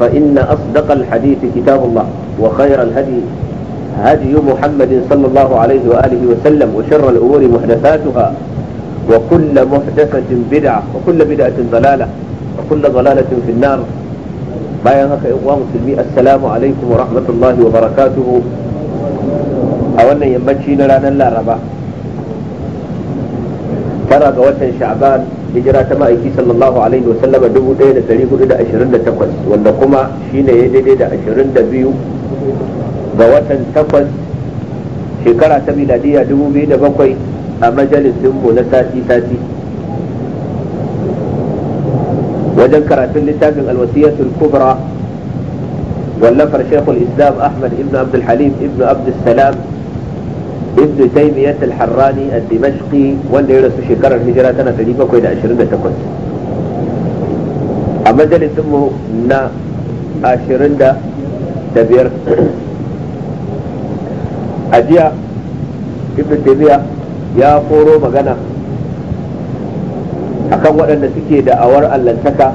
فإن أصدق الحديث كتاب الله وخير الهدي هدي محمد صلى الله عليه وآله وسلم وشر الأمور محدثاتها وكل محدثة بدعة وكل بدعة ضلالة وكل ضلالة في النار bayan أخي yan uwa السلام عليكم ورحمة الله وبركاته أولا barakatuhu a الله ربا tara ga watan sha'ban hijira ta ma'aiki sallallahu alaihi wa wasallam 1428 wanda kuma shine ya daidai da 22 ga watan takwas shekara ta miladiya 2007 a mu na sati-sati wajen karatun littafin alwasiyatul kubra wallafar shekul islam ahmad ibn abdul halim ibn abdul salam ibn taymiyyah al-harrani ad-dimashqi wanda ya rasu shekarar hijira tana 728 a majalisin mu na 25 a jiya ajiya taymiyyah ya koro magana akan waɗanda suke da da'awar allantaka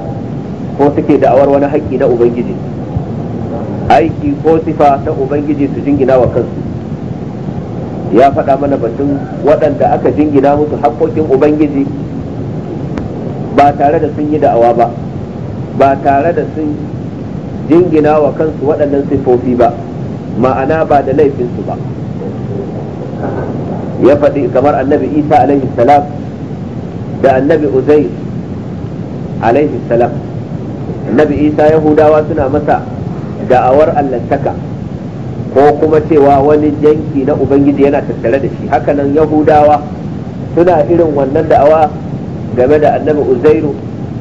ko suke da awar wani haƙƙi na ubangiji aiki ko sifa ta ubangiji su jingina wa kansu ya faɗa mana batun waɗanda aka jingina musu haƙoƙin ubangiji ba tare da sun yi da'awa ba ba tare da sun jingina wa kansu waɗannan sifofi ba ma'ana ba da laifinsu ba ya faɗi kamar annabi isa alaihi salam da annabi uzair alaihi salam annabi isa yahudawa suna masa da'awar allantaka ko kuma cewa wani yanki na ubangiji yana tattare da shi hakanan yahudawa suna irin wannan da'awa game da annabi uzairu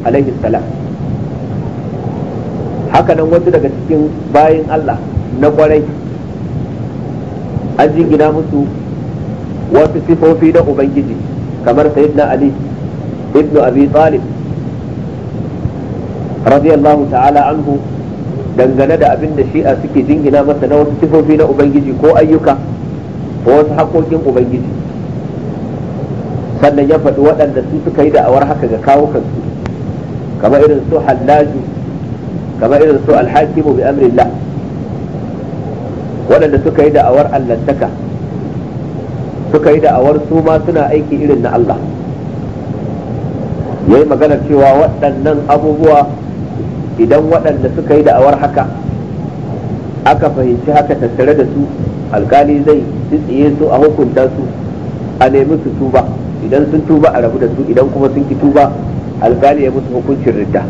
alaihi salam hakanan wasu daga cikin bayin allah na kwarai an jingina musu wasu sifofi na ubangiji kamar sayyidina ali ibnu abi talib radiyallahu ta'ala anhu dangane da abin da shi'a suke jingina masa na wasu sifofi na ubangiji ko ayyuka ko wasu haƙoƙin ubangiji sannan ya faɗi waɗanda su suka yi da'awar haka ga kawo kansu kamar irin su hallaju kamar irin su alhakimu bi amrillah waɗanda suka yi da'awar allantaka suka yi da'awar su ma suna aiki irin na Allah ya yi maganar cewa waɗannan abubuwa idan waɗanda suka yi da'awar haka aka fahimci haka tattare da su alkali zai tsitsiye su a hukunta su a nemi su tuba idan sun tuba a rabu da su idan kuma sun ki tuba alkali ya musu hukuncin ridda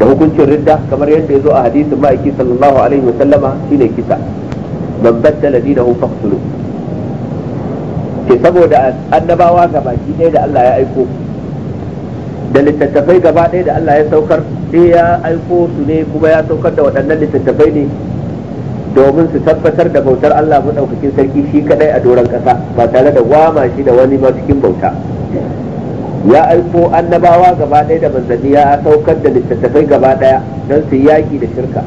da hukuncin ridda kamar yadda ya zo a hadisin ma'aiki sallallahu alaihi wa sallama shine kisa man baddala dinahu faqtulu ke saboda annabawa gabaki ɗaya da Allah ya aiko da littattafai gaba ɗaya da Allah ya saukar sai ya aiko su ne kuma ya saukar da waɗannan littattafai ne domin su tabbatar da bautar Allah maɗaukakin sarki shi kadai a doron ƙasa ba tare da gwama shi da wani ma cikin bauta ya aiko annabawa gaba ɗaya da manzanni ya saukar da littattafai gaba ɗaya don su yaƙi da shirka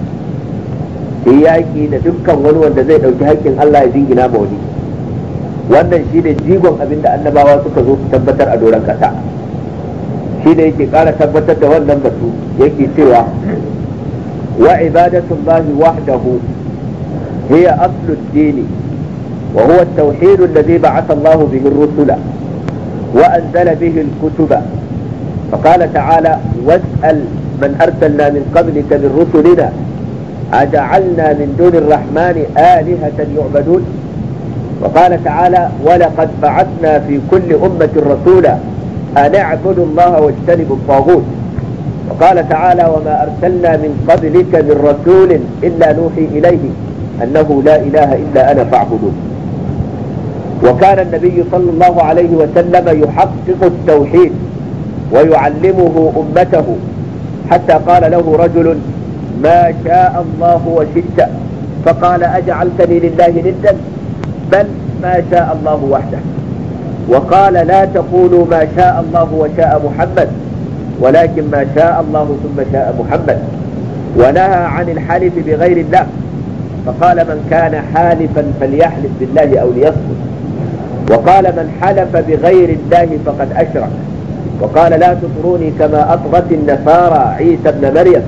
su yaƙi da dukkan wani wanda zai ɗauki haƙƙin Allah ya jingina ba wani wannan shi ne jigon abin da annabawa suka zo su tabbatar a doron ƙasa shi da yake kara tabbatar da wannan batu yake cewa wa ibadatu ibadatullahi wahdahu hiya aslu ad-din wa huwa at-tauhid alladhi ba'atha Allah bihi ar-rusula wa anzala bihi al-kutuba فقال تعالى واسأل من أرسلنا من قبلك min رسلنا أجعلنا من دون الرحمن آلهة يعبدون وقال تعالى ولقد بعثنا في كل أمة رسولا أن اعبدوا الله واجتنبوا الطاغوت وقال تعالى وما أرسلنا من قبلك من رسول إلا نوحي إليه أنه لا إله إلا أنا فاعبدون وكان النبي صلى الله عليه وسلم يحقق التوحيد ويعلمه أمته حتى قال له رجل ما شاء الله وشئت فقال أجعلتني لله ندا بل ما شاء الله وحده وقال لا تقولوا ما شاء الله وشاء محمد ولكن ما شاء الله ثم شاء محمد ونهى عن الحلف بغير الله فقال من كان حالفا فليحلف بالله أو ليصمت وقال من حلف بغير الله فقد أشرك وقال لا تطروني كما أطغت النصارى عيسى ابن مريم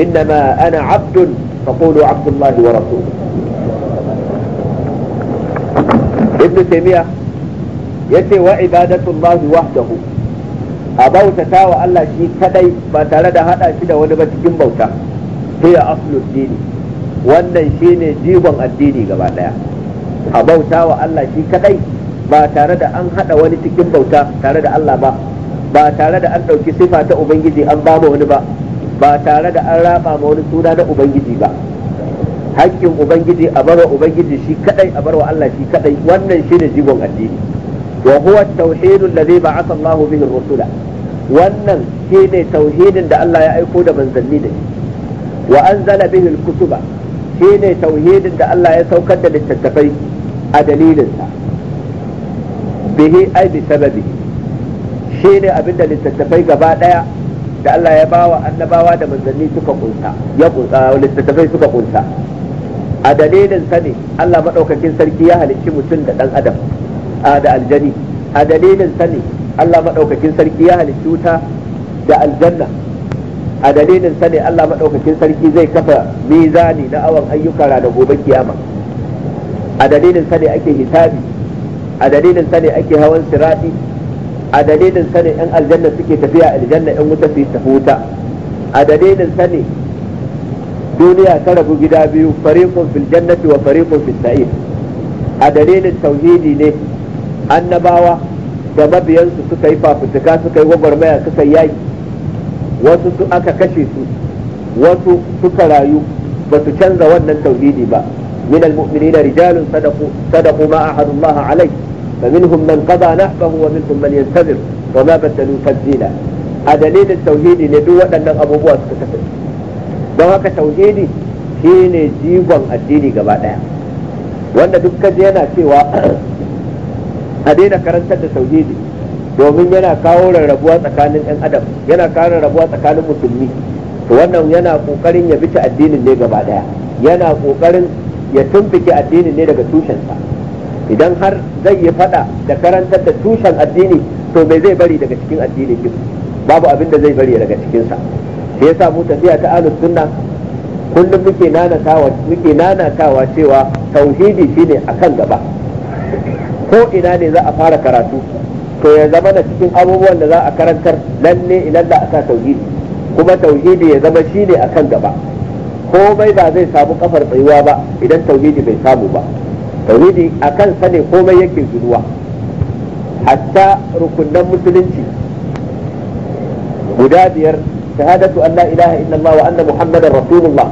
إنما أنا عبد فقولوا عبد الله ورسوله ابن تيمية yace wa ibadatullahi wahdahu a bautata wa Allah shi kadai ba tare da hada shi da wani ba cikin bauta hiya aslud dini wannan shine jibon addini gaba daya a bauta wa Allah shi kadai ba tare da an hada wani cikin bauta tare da Allah ba ba tare da an dauki sifa ta ubangiji an ba wani ba ba tare da an raba ma wani suna na ubangiji ba hakkin ubangiji a barwa ubangiji shi kadai a wa Allah shi kadai wannan shine jibon addini Wahuwar huwa at-tauhid alladhi ba'atha Allah wannan shine tauhidin da Allah ya aiko da manzanni da shi wa anzala bihi al-kutuba shine tauhidin da Allah ya saukar da littattafai a dalilinsa bihi ai sababi shine abinda littattafai gaba daya da Allah ya bawa annabawa da manzanni suka kunsa a dalilinsa ne Allah maɗaukacin sarki ya halicci mutum da ɗan adam da aljani a dalilin ne Allah madaukakin sarki ya halicci wuta da aljanna a dalilin ne Allah madaukakin sarki zai kafa mizani na awon ayyuka da gobe kiyama a dalilin sani ake hitabi. a dalilin sani ake hawan sirati a dalilin ne yan aljanna suke tafiya aljanna yan wuta su tafi wuta a dalilin ne duniya ta rabu gida biyu fariqun fil jannati wa fariqun fis sa'ir a dalilin tauhidi ne annabawa da mabiyansu suka yi fafutuka suka yi gwagwarmaya suka yaki wasu su aka kashe su wasu suka rayu ba su canza wannan tauhidi ba من المؤمنين رجال صدقوا صدقوا ما عهد الله عليه فمنهم من قضى نحبه ومنهم من ينتظر وما بدلوا تبديلا أدليل التوحيد لدو أن أبو بكر كتب دوك توحيدي shine jigon addini gaba daya wanda duk yana cewa a daina karantar da tauhidi domin yana kawo rarrabuwa tsakanin yan adam yana kawo rarrabuwa tsakanin musulmi to wannan yana kokarin ya bice addinin ne gaba daya yana kokarin ya tumfike addinin ne daga tushensa idan har zai yi fada da karantar da tushen addini to me zai bari daga cikin addinin ba babu abin da zai bari daga cikin sa sai yasa mu tafiya ta alus sunna kullum muke nanatawa muke nanatawa cewa tauhidi shine akan gaba ko ina ne za a fara karatu to ya zama da cikin abubuwan da za a karantar lalle idan da aka tauhidi kuma tauhidi ya zama shi ne akan gaba komai ba zai samu kafar tsayuwa ba idan tauhidi bai samu ba tauhidi a kansa ne komai yake zuruwa hatta rukunin musulunci guda biyar shahadatu an la ilaha illallah wa anna muhammadar rasulullah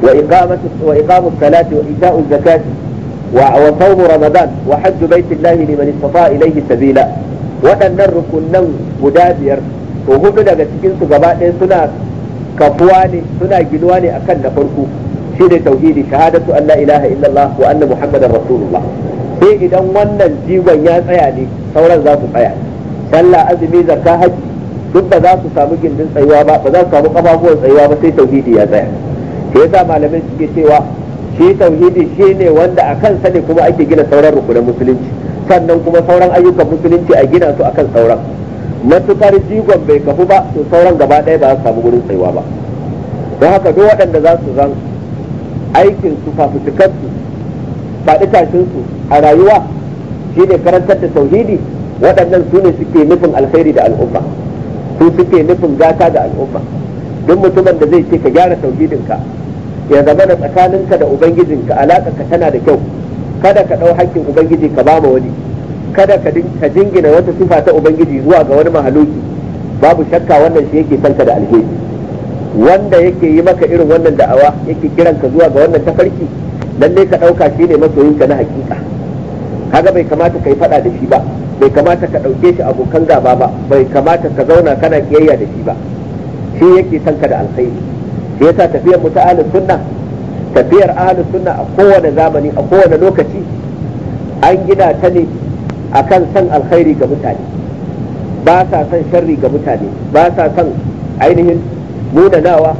wa iqamatu wa iqamus salati wa ita'uz zakati wa رمضان وحج بيت الله لمن استطاع إليه سبيلا waɗannan rukunan guda biyar to hudu daga cikinsu gaba ɗaya suna kafuwa ne a kan na farko shi ne tauhidi shahadatu an la ilaha illallah wa anna muhammadan rasulullah sai idan wannan jigon ya tsaya ne sauran za su tsaya sallah azumi zaka haji duk ba su samu gindin tsayuwa ba bazasu za su samu kafafuwan tsayuwa ba sai tauhidi ya tsaya ke yasa malamai suke cewa shi tauhidi shi ne wanda a kansa ne kuma ake gina sauran rukunan musulunci sannan kuma sauran ayyukan musulunci a gina su akan sauran matukar jigon bai kafu ba to sauran gaba ɗaya ba za su samu gurin tsayuwa ba don haka duk waɗanda za su zan aikin su fafutukansu faɗi tashin su a rayuwa shi ne karantar da tauhidi waɗannan su ne suke nufin alkhairi da al'umma su suke nufin gata da al'umma duk mutumin da zai ce ka gyara tauhidinka ya zama da tsakaninka da ubangijinka ka tana da kyau kada ka ɗau haƙƙin ubangiji ka ba ma wani kada ka jingina wata sifa ta ubangiji zuwa ga wani mahaluki babu shakka wannan shi yake sanka da alheri wanda yake yi maka irin wannan da'awa yake kiranka zuwa ga wannan tafarki lalle ka ɗauka shi ne masoyinka na hakika kaga bai kamata ka yi faɗa da shi ba bai kamata ka ɗauke shi abokan gaba ba bai kamata ka zauna kana kiyayya da shi ba shi yake sanka da alheri shi yasa tafiyar mu ta ahlus sunna tafiyar ahlus sunna a kowane zamani a kowane lokaci an gina ta ne akan san alkhairi ga mutane ba sa san sharri ga mutane ba sa san ainihin nunanawa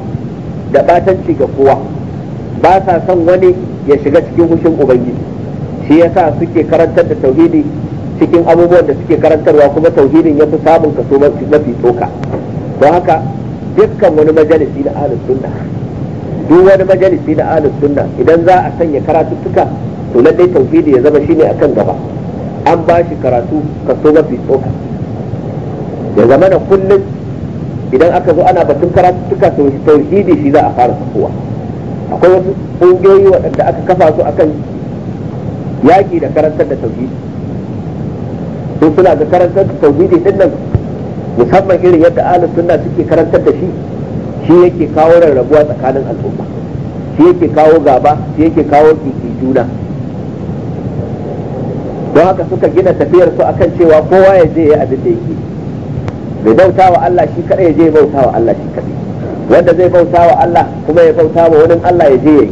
da batanci ga kowa ba sa san wani ya shiga cikin hushin ubangiji shi yasa suke karantar da tauhidi cikin abubuwan da suke karantarwa kuma tauhidin ya fi samun kaso mafi tsoka don haka dukkan wani majalisi na ahlus sunna duk wani majalisi na ahlus sunna idan za a sanya karatuttuka to lallai tauhidi ya zama shine akan gaba an ba shi karatu kaso mafi tsoka ya zama da kullum idan aka zo ana batun karatuttuka to tauhidi shi za a fara sakowa akwai wasu kungiyoyi waɗanda aka kafa su akan yaƙi da karantar da tauhidi sun suna ga karantar da tauhidi din nan musamman irin yadda ahlus sunna suke karantar da shi shi yake kawo rarrabuwa tsakanin al'umma shi yake kawo gaba shi yake kawo kiki juna don haka suka gina tafiyar su akan cewa kowa ya je ya abin da yake bai bauta wa Allah shi kadai ya je bauta wa Allah shi kadai wanda zai bauta wa Allah kuma ya bauta wa wani Allah ya je ya yi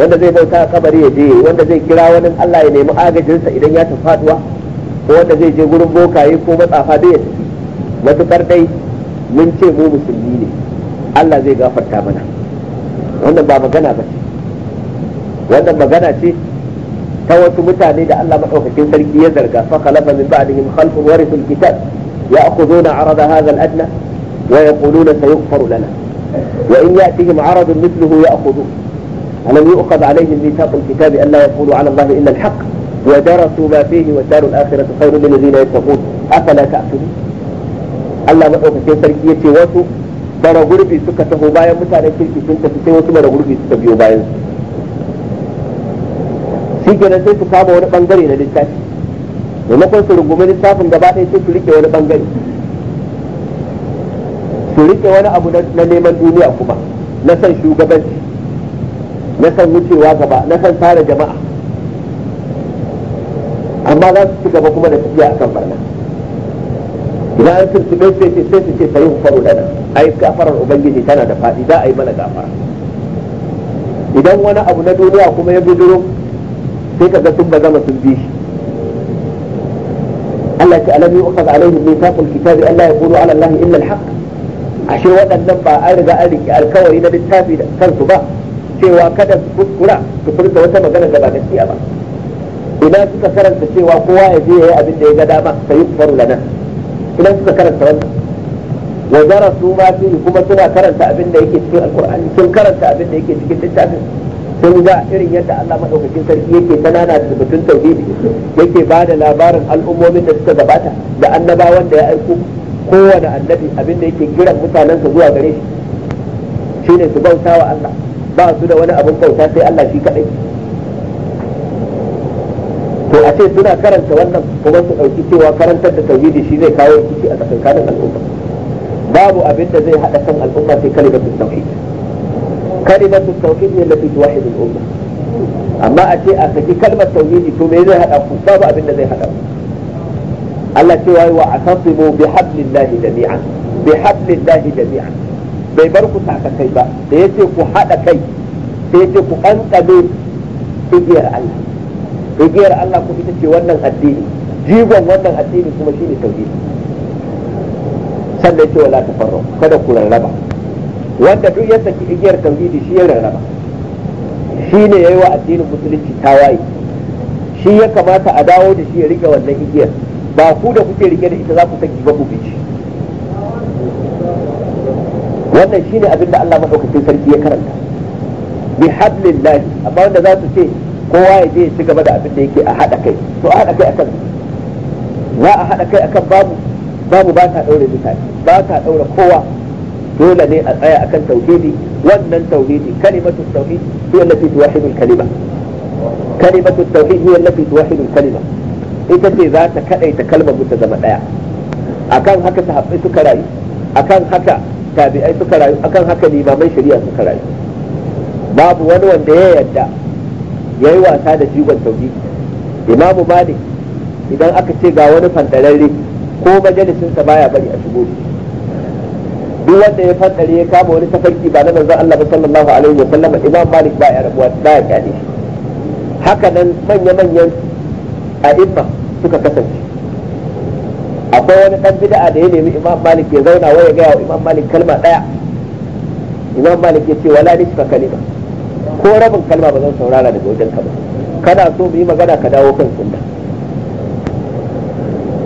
wanda zai bauta wa kabari ya je wanda zai kira wani Allah ya nemi agajinsa idan ya tafaduwa ko wanda zai je gurin bokaye ko matsafa da ya tafi matukar dai mun ce mu musulmi ne Allah zai gafarta mana wannan ba magana ba ce wannan magana ce ta wasu mutane da Allah madaukakin sarki ya zarga fa khalafa min ba'dihim khalfun warithul kitab ya'khuduna 'arada hadha al-adna wa yaquluna sayughfaru lana wa in ya'tihim 'aradun mithluhu ya'khudhu alam yu'khad 'alayhim mithaq al-kitab an la yaqulu 'ala Allah illa al-haqq ودرسوا ما فيه والدار الآخرة خير للذين يتقون أفلا تأكلون Allah madaukakin sarki ya ce wasu bara gurbi suka taho bayan mutanen kirki sun tafi sai wasu bara gurbi suka biyo bayan su shi kenan sai su kama wani bangare na littafi maimakon su rungumi littafin gaba ɗaya sai su rike wani bangare su rike wani abu na neman duniya kuma na san shugabanci na san wucewa gaba na san tara jama'a amma za su ci gaba kuma da tafiya akan barna ina an tuntuɓe sai sai su ce sai faru lana ai gafarar ubangiji tana da faɗi za a yi mana gafara idan wani abu na duniya kuma ya bidiro sai ka ga sun ba zama sun bi shi Allah ta alami ukhadha alaihim mithaqul kitabi an la yaqulu ala Allah illa al ashe waɗannan ba an riga an riki alkawari na littafi da kansu ba cewa kada su kuskura su furta wata magana da ba gaskiya ba ina suka karanta cewa kowa ya je ya yi abin da ya ga dama sai yi faru lana idan suka karanta wannan wa su ma fihi kuma suna karanta abin da yake cikin alkur'ani sun karanta abin da yake cikin littafin sun ga irin yadda Allah madaukakin sarki yake tanana da batun tauhidi yake ba da labarin al'ummomin da suka gabata da annabawan da ya aiko kowane annabi abin da yake kiran mutanensa zuwa gare shi shine su bautawa Allah ba su da wani abin bauta sai Allah shi kadai a ce suna karanta wannan kuma su ɗauki cewa karantar da tauhidi shi zai kawo rikici a tsakanin al'umma babu abin da zai hada kan al'umma sai kalimatu tauhid kalimatu tauhid ne lafi wahid al'umma amma a ce a saki kalmar tauhidi to me zai hada ku babu abin da zai hada ku Allah ce cewa wa atasimu bihablillahi jami'an bi bihablillahi jami'an bai bar ku kai ba da yace ku haɗa kai sai yace ku kankame igiyar Allah rigiyar Allah ko ita ce wannan addini jigon wannan addini kuma shine tauhidi sannan ce wala faro kada ku rarraba wanda duk ya saki igiyar tauhidi shi ya rarraba shi ne ya yi wa addinin musulunci tawaye shi ya kamata a dawo da shi ya rike wannan igiyar ba ku da kuke rike da ita za ku saki ba ku bici wannan shi abin da Allah madaukakin sarki ya karanta bi hablillahi amma wanda za su ce kowa ya je ya ci gaba da abin da yake a haɗa kai to a haɗa kai akan za a haɗa kai akan babu babu ba ta ɗaure mutane ba ta ɗaure kowa dole ne a tsaya akan tauhidi wannan tauhidi kalimatu tauhid hiya allati tuwahidu al-kalima kalimatu tauhid hiya allati tuwahidu al-kalima ita ce za ta kadaita kalmar mu ta zama daya akan haka sahabbai suka rayu akan haka tabi'ai suka rayu akan haka limamai shari'a suka rayu babu wani wanda ya yadda. ya yi wasa da jigon tauhi imamu malik idan aka ce ga wani fantararre ko majalisinsa baya bari a shigo duk wanda ya fantare ya kama wani tafarki ba na manzon Allah ba sallallahu alaihi wa sallam Imam Malik ba ya rabuwa ba ya shi haka nan manya-manyan a'imma suka kasance akwai wani dan bid'a da ya nemi Imam Malik ya zauna waya ga Imam Malik kalma daya Imam Malik ya ce wala nisfa kalima ko rabin kalma ba zan saurara daga wajen ka ba kana so mu yi magana ka dawo kan sunna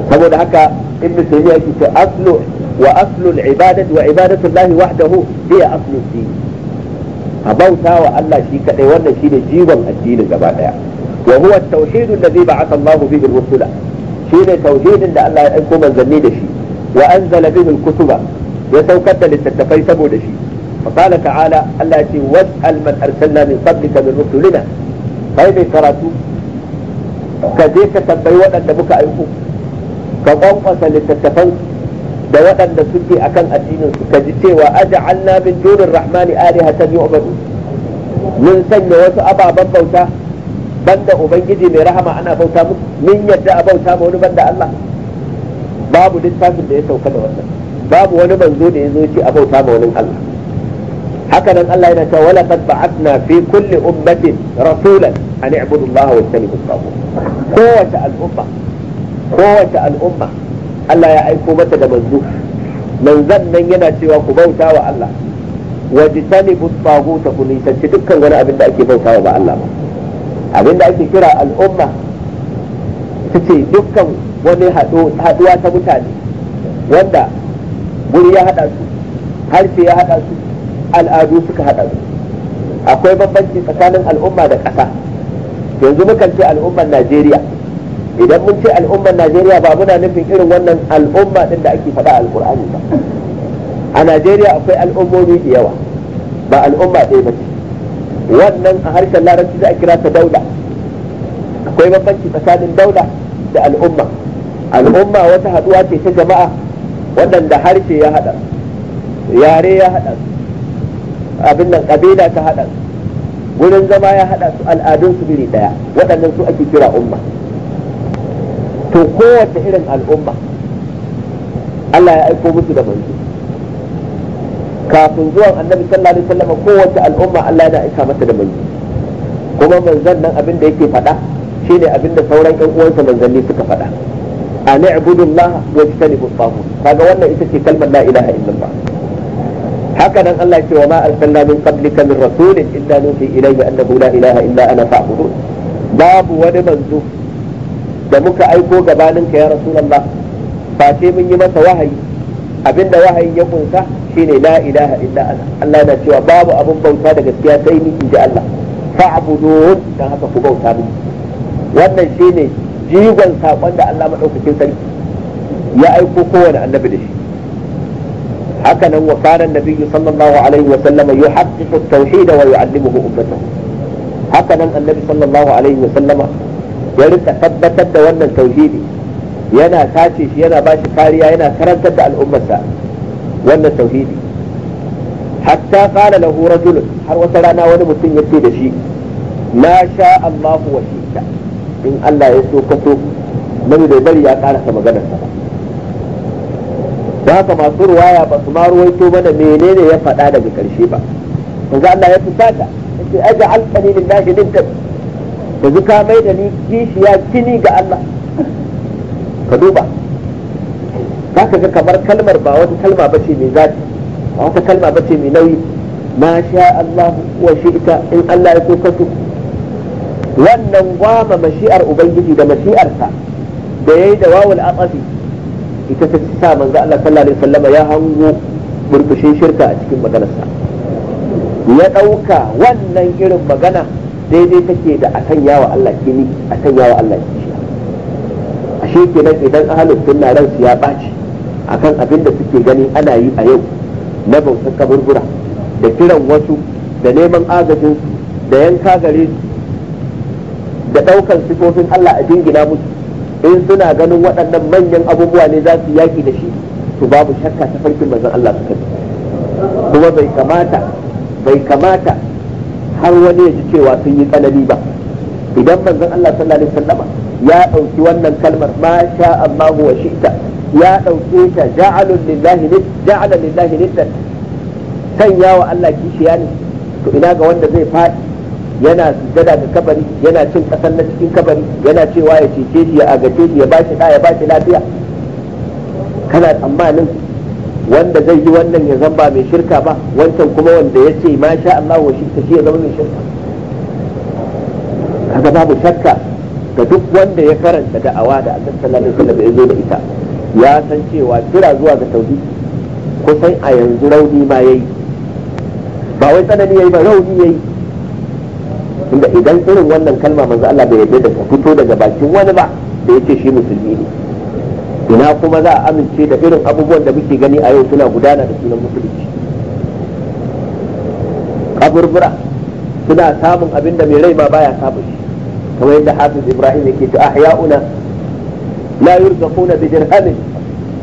saboda haka ibnu taymiya yake ce aslu wa aslu al-ibadati wa ibadatu Allah wahdahu hiya aslu din a bauta wa Allah shi kadai wannan shine jigon addinin gaba daya wa huwa at-tauhid alladhi ba'atha Allah bihi ar-rusula shine tauhidin da Allah ya aiko manzanni da shi wa anzala bihi al-kutuba ya saukar da littattafai saboda shi فقال تعالى ألا واسأل من أرسلنا من قبلك من رسلنا kai mai karatu ka je ka tambayi waɗanda muka aiko ka kwankwasa littattafan da waɗanda suke akan addinin su ka ji cewa aja'alna min dunin rahmani alihatan yu'badu mun sanya wasu ababen bauta banda ubangiji mai rahama ana bauta mu. min yadda a bauta ma wani banda Allah babu littafin da ya sauka da wannan babu wani manzo da ya zo ce a bauta ma wani Allah haka nan Allah yana cewa wala qad ba'athna fi kulli ummatin rasulan an i'budu Allah wa istanibu tagut kowace al'umma kowace al'umma Allah ya aiko mata da manzo manzon nan yana cewa ku bauta wa Allah wa ta tagut ku nisanci dukkan wani abin da ake bautawa ba Allah ba abin da ake kira al'umma su ce dukkan wani haduwa ta mutane wanda guri ya haɗa su harshe ya haɗa su al'adu suka haɗa su akwai bambanci tsakanin al'umma da ƙasa yanzu mukan ce al'ummar najeriya idan mun ce al'ummar najeriya ba muna nufin irin wannan al'umma ɗin da ake faɗa alkur'ani ba a najeriya akwai al'ummomi da yawa ba al'umma ɗaya ba ce wannan a harshen larabci za a kira ta daula akwai bambanci tsakanin daula da al'umma al'umma wata haɗuwa ce ta jama'a waɗanda harshe ya haɗa yare ya haɗa su abin nan kabila ta hada wurin zama ya hada su al'adun su biri daya waɗannan su ake kira umma to kowace irin al'umma Allah ya aiko musu da manzo kafin zuwan annabi sallallahu alaihi wasallam kowace al'umma Allah ya aika mata da manzo kuma manzon nan abin da yake faɗa shine abin da sauran ƴan uwansa manzanni suka faɗa a i'budu wa tajtanibu at kaga wannan ita ce kalmar la ilaha illallah haka dan Allah ce wa ma arsalna min qablika min rasulin illa nuhi ilayhi annahu la ilaha illa ana fa'budun babu wani manzo da muka aiko gabanin ka ya rasulullah ba sai mun yi masa wahayi abinda wahayin ya kunsa shine la ilaha illa Allah na cewa babu abun bauta da gaskiya sai ni inji Allah fa'budun dan haka ku bauta mini wannan shine jigon saƙon da Allah madaukakin sarki ya aiko kowanne annabi da shi Hakanan nan wa nabiyyu sallallahu alaihi wa sallama yuhaqqiqu at wa yu'allimuhu ummatahu haka annabi sallallahu alaihi wa ya rika tabbatar da wannan tauhidi yana tace shi yana ba shi kariya yana karantar da al'ummarsa wannan tauhidi hatta qala lahu rajulun har wata rana wani mutum yace da shi la sha Allahu wa shi'ta in Allah ya so ka so bai bari ya karasa maganar sa ba da haka masu ruwaya ba su ma ruwaito mana menene ya faɗa daga ƙarshe ba yanzu Allah ya fusata yace aja alqani lillahi nidda yanzu ka mai da ni kishiya kini ga Allah ka duba ka ga kamar kalmar ba wata kalma bace mai zafi ba wata kalma bace mai nauyi ma sha Allah wa ita in Allah ya so ka so wannan gwama mashi'ar ubangiji da mashi'arsa da yayi da wawul aqafi ita ta sa manzo Allah sallallahu alaihi wasallam ya hango burbushin shirka a cikin maganarsa ya ɗauka wannan irin magana daidai take da a sanya wa Allah kini a sanya wa Allah kishiya ke kenan idan ahlus sunna ran su ya baci akan abin da suke gani ana yi a yau na bautar kaburbura da kiran wasu da neman agajin da yanka gare su da ɗaukar sifofin Allah a jingina musu in suna ganin waɗannan manyan abubuwa ne za su yaki da shi to babu shakka ta farkin manzon Allah suka kuma bai kamata bai kamata har wani ya ji cewa sun yi tsanani ba idan manzon Allah sallallahu alaihi wasallama ya ɗauki wannan kalmar ma sha amma huwa shi'ta ya ɗauke ta ja'alun lillahi ja'ala lillahi niddan sanya wa Allah kishiya ne to ina ga wanda zai faɗi yana sujada ga kabari yana cin kasan na cikin kabari yana cewa ya cece shi ya agace shi ya bashi shi ya bashi lafiya kana tsammanin wanda zai yi wannan ya zamba mai shirka ba wancan kuma wanda ya ce ma sha Allah wa shi ta shi ya zama mai shirka kaga babu shakka ga duk wanda ya karanta da'awa da Allah sallallahu alaihi ya zo da ita ya san cewa kira zuwa ga kusan a yanzu rauni ma yayi ba wai tsanani yayi ba rauni yayi tunda idan irin wannan kalma manzo Allah bai yarda da fito daga bakin wani ba da yace shi musulmi ne ina kuma za a amince da irin abubuwan da muke gani a yau suna gudana da sunan musulunci kaburbura suna samun abin da mai rai ma baya samun shi kamar yadda hafiz ibrahim yake ta ahya'una la yurzaquna bi dirhamin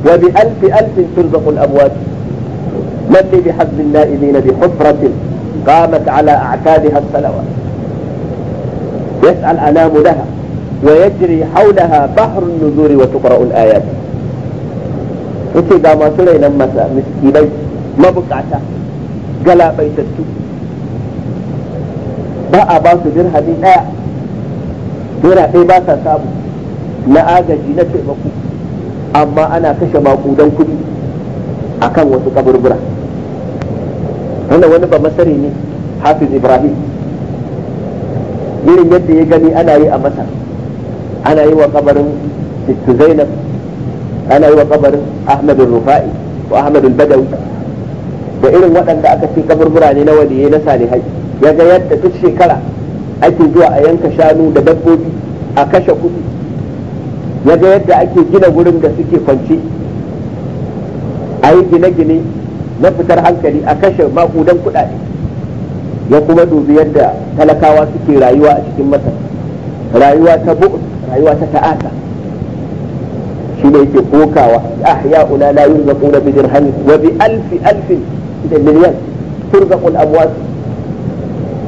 wa bi alf alf turzaqu al-amwat man bi hazbi al na'imin bi hufratin qamat ala a'tadiha as-salawat يسعى الأنام لها ويجري حولها بحر النذور وتقرأ الآيات وفي دا ما سلينا مسا مسكيني ما بقعتا قلا بيتتو با أباس درها دي آ درها دي باسا سابو لا آجا جينا أما أنا كشما قودان كدي أكان وتكبر برا هنا ونبا مسريني حافظ إبراهيم irin yadda ya gani ana yi a masa ana yi wa kabarin sittu zainab ana yi wa kabarin ahmadun rufa'i ko ahmadun badawi da irin waɗanda aka ce kabar burane na waliyai na salihai ya ga yadda duk shekara ake zuwa a yanka shanu da dabbobi a kashe kudi ya ga yadda ake gina wurin da suke kwanci a yi gine-gine na fitar hankali a kashe makudan kuɗaɗe ya kuma dubi yadda talakawa suke rayuwa a cikin masar rayuwa ta bu'ud rayuwa ta ta'asa shi ne yake kokawa ah, ula la yurzaquna bi dirhamin wa bi alfi da miliyan turzaqu al amwas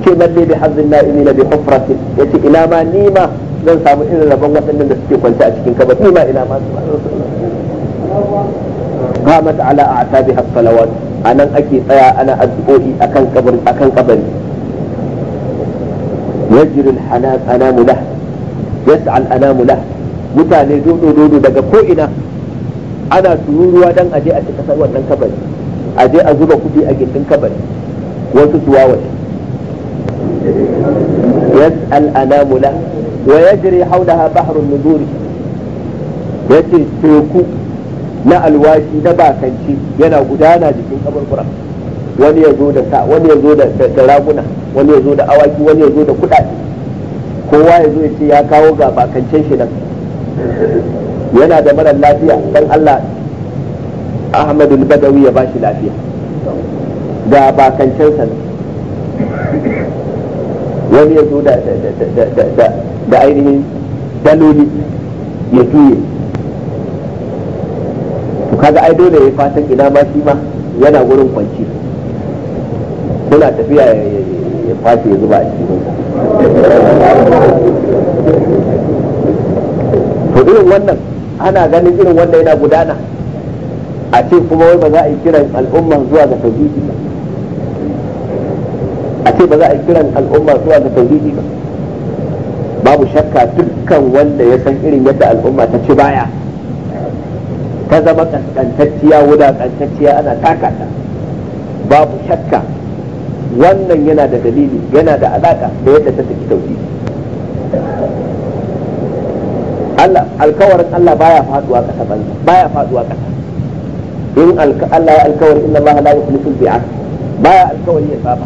ce balle bi hazzin na'imina bi hufrati yace ila ma nima zan samu irin rabon wadannan da suke kwance a cikin kabari ma ila ma su qamat ala a'tabiha salawat anan ake tsaya ana addu'o'i akan kabari akan kabari yajri al-hanan anamu lah yas'al anamu lah mutane dodo dodo daga ko ina ana tururuwa dan aje a cika wannan kabari aje a zuba kudi a gindin kabari wasu su wawaye yas'al anamu lah wa yajri hawlaha bahrun nuzuri yace teku na alwashi na bakanci yana gudana jikin kaburbura wani ya zo da sa wani ya zo da raguna wani ya zo da awaki wani ya zo da kudade kowa ya zo ya ce ya kawo ga bakancen shi nan yana da marar lafiya dan Allah Ahmadu Badawi ya bashi lafiya ga bakancen sa wani ya zo da ainihin daloli ya juye to kaga ai dole ya fatan ina ma shi ma yana gurin kwanci kuna tafiya ya fashe ya zuba a cikin to irin wannan ana ganin irin wanda yana gudana a ce kuma wai ba za a yi kiran al'umma zuwa ga tauhidi ba a ce ba za a yi kiran al'umma zuwa ga tauhidi ba babu shakka dukkan wanda ya san irin yadda al'umma ta ci baya ta zama kaskantacciya wulakantacciya ana taka ta babu shakka wannan yana da dalili yana da alaka da yadda ta tafi tauki Allah alkawarin Allah baya faduwa kasa banza baya faduwa kasa in Allah ya alkawari inna Allah la yukhlifu al-bi'ad baya alkawari ya saba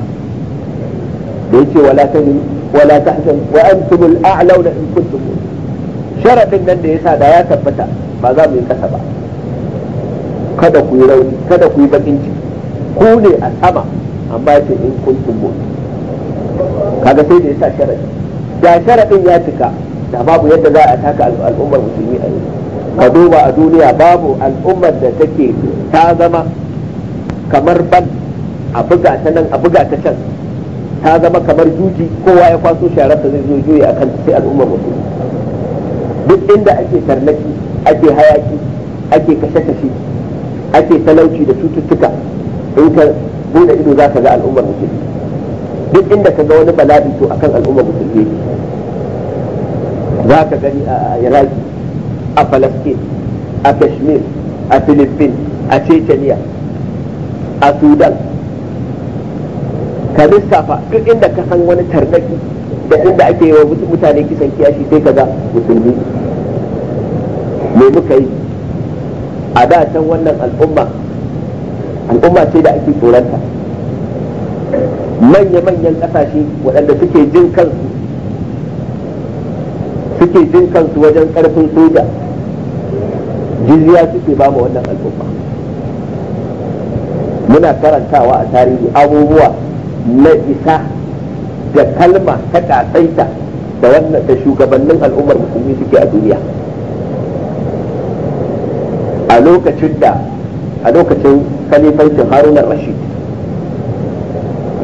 da yace wala tahzan wala tahzan wa antum al-a'launa in kuntum sharadin nan da yasa da ya tabbata ba za mu yi kasa ba kada ku yi rauni kada ku yi bakin ciki ku ne a sama amma ce in kun tumbo kaga sai da ya sa sharadi da sharadin ya cika da babu yadda za a taka al'ummar musulmi a yau ka duba a duniya babu al'ummar da take ta zama kamar ban a buga ta nan a buga ta can ta zama kamar juji kowa ya kwaso sharar zai zo juya akan sai al'ummar musulmi duk inda ake tarnaki ake hayaki ake kashe-kashe ake talauci da cututtuka in ka bude ido za ka ga al'ummar musulmi duk inda ka ga wani bala'i to akan al'ummar musulmi za ka gani a iraki a falastin a kashmir a philippines a chechnya a sudan ka lissafa duk inda ka san wani tarnaki da inda ake yi wa mutane kisan kiyashi sai ka ga musulmi me muka yi a da can wannan al'umma al'umma ce da ake tsoronta manya-manyan ƙasashe waɗanda suke jin kansu suke jin kansu wajen ƙarfin soja jizya suke ba mu wannan al'umma muna karantawa a tarihi abubuwa na isa da kalma ta ƙasaita da da shugabannin al'ummar musulmi suke a duniya a lokacin da a lokacin kalifancin harunar rashid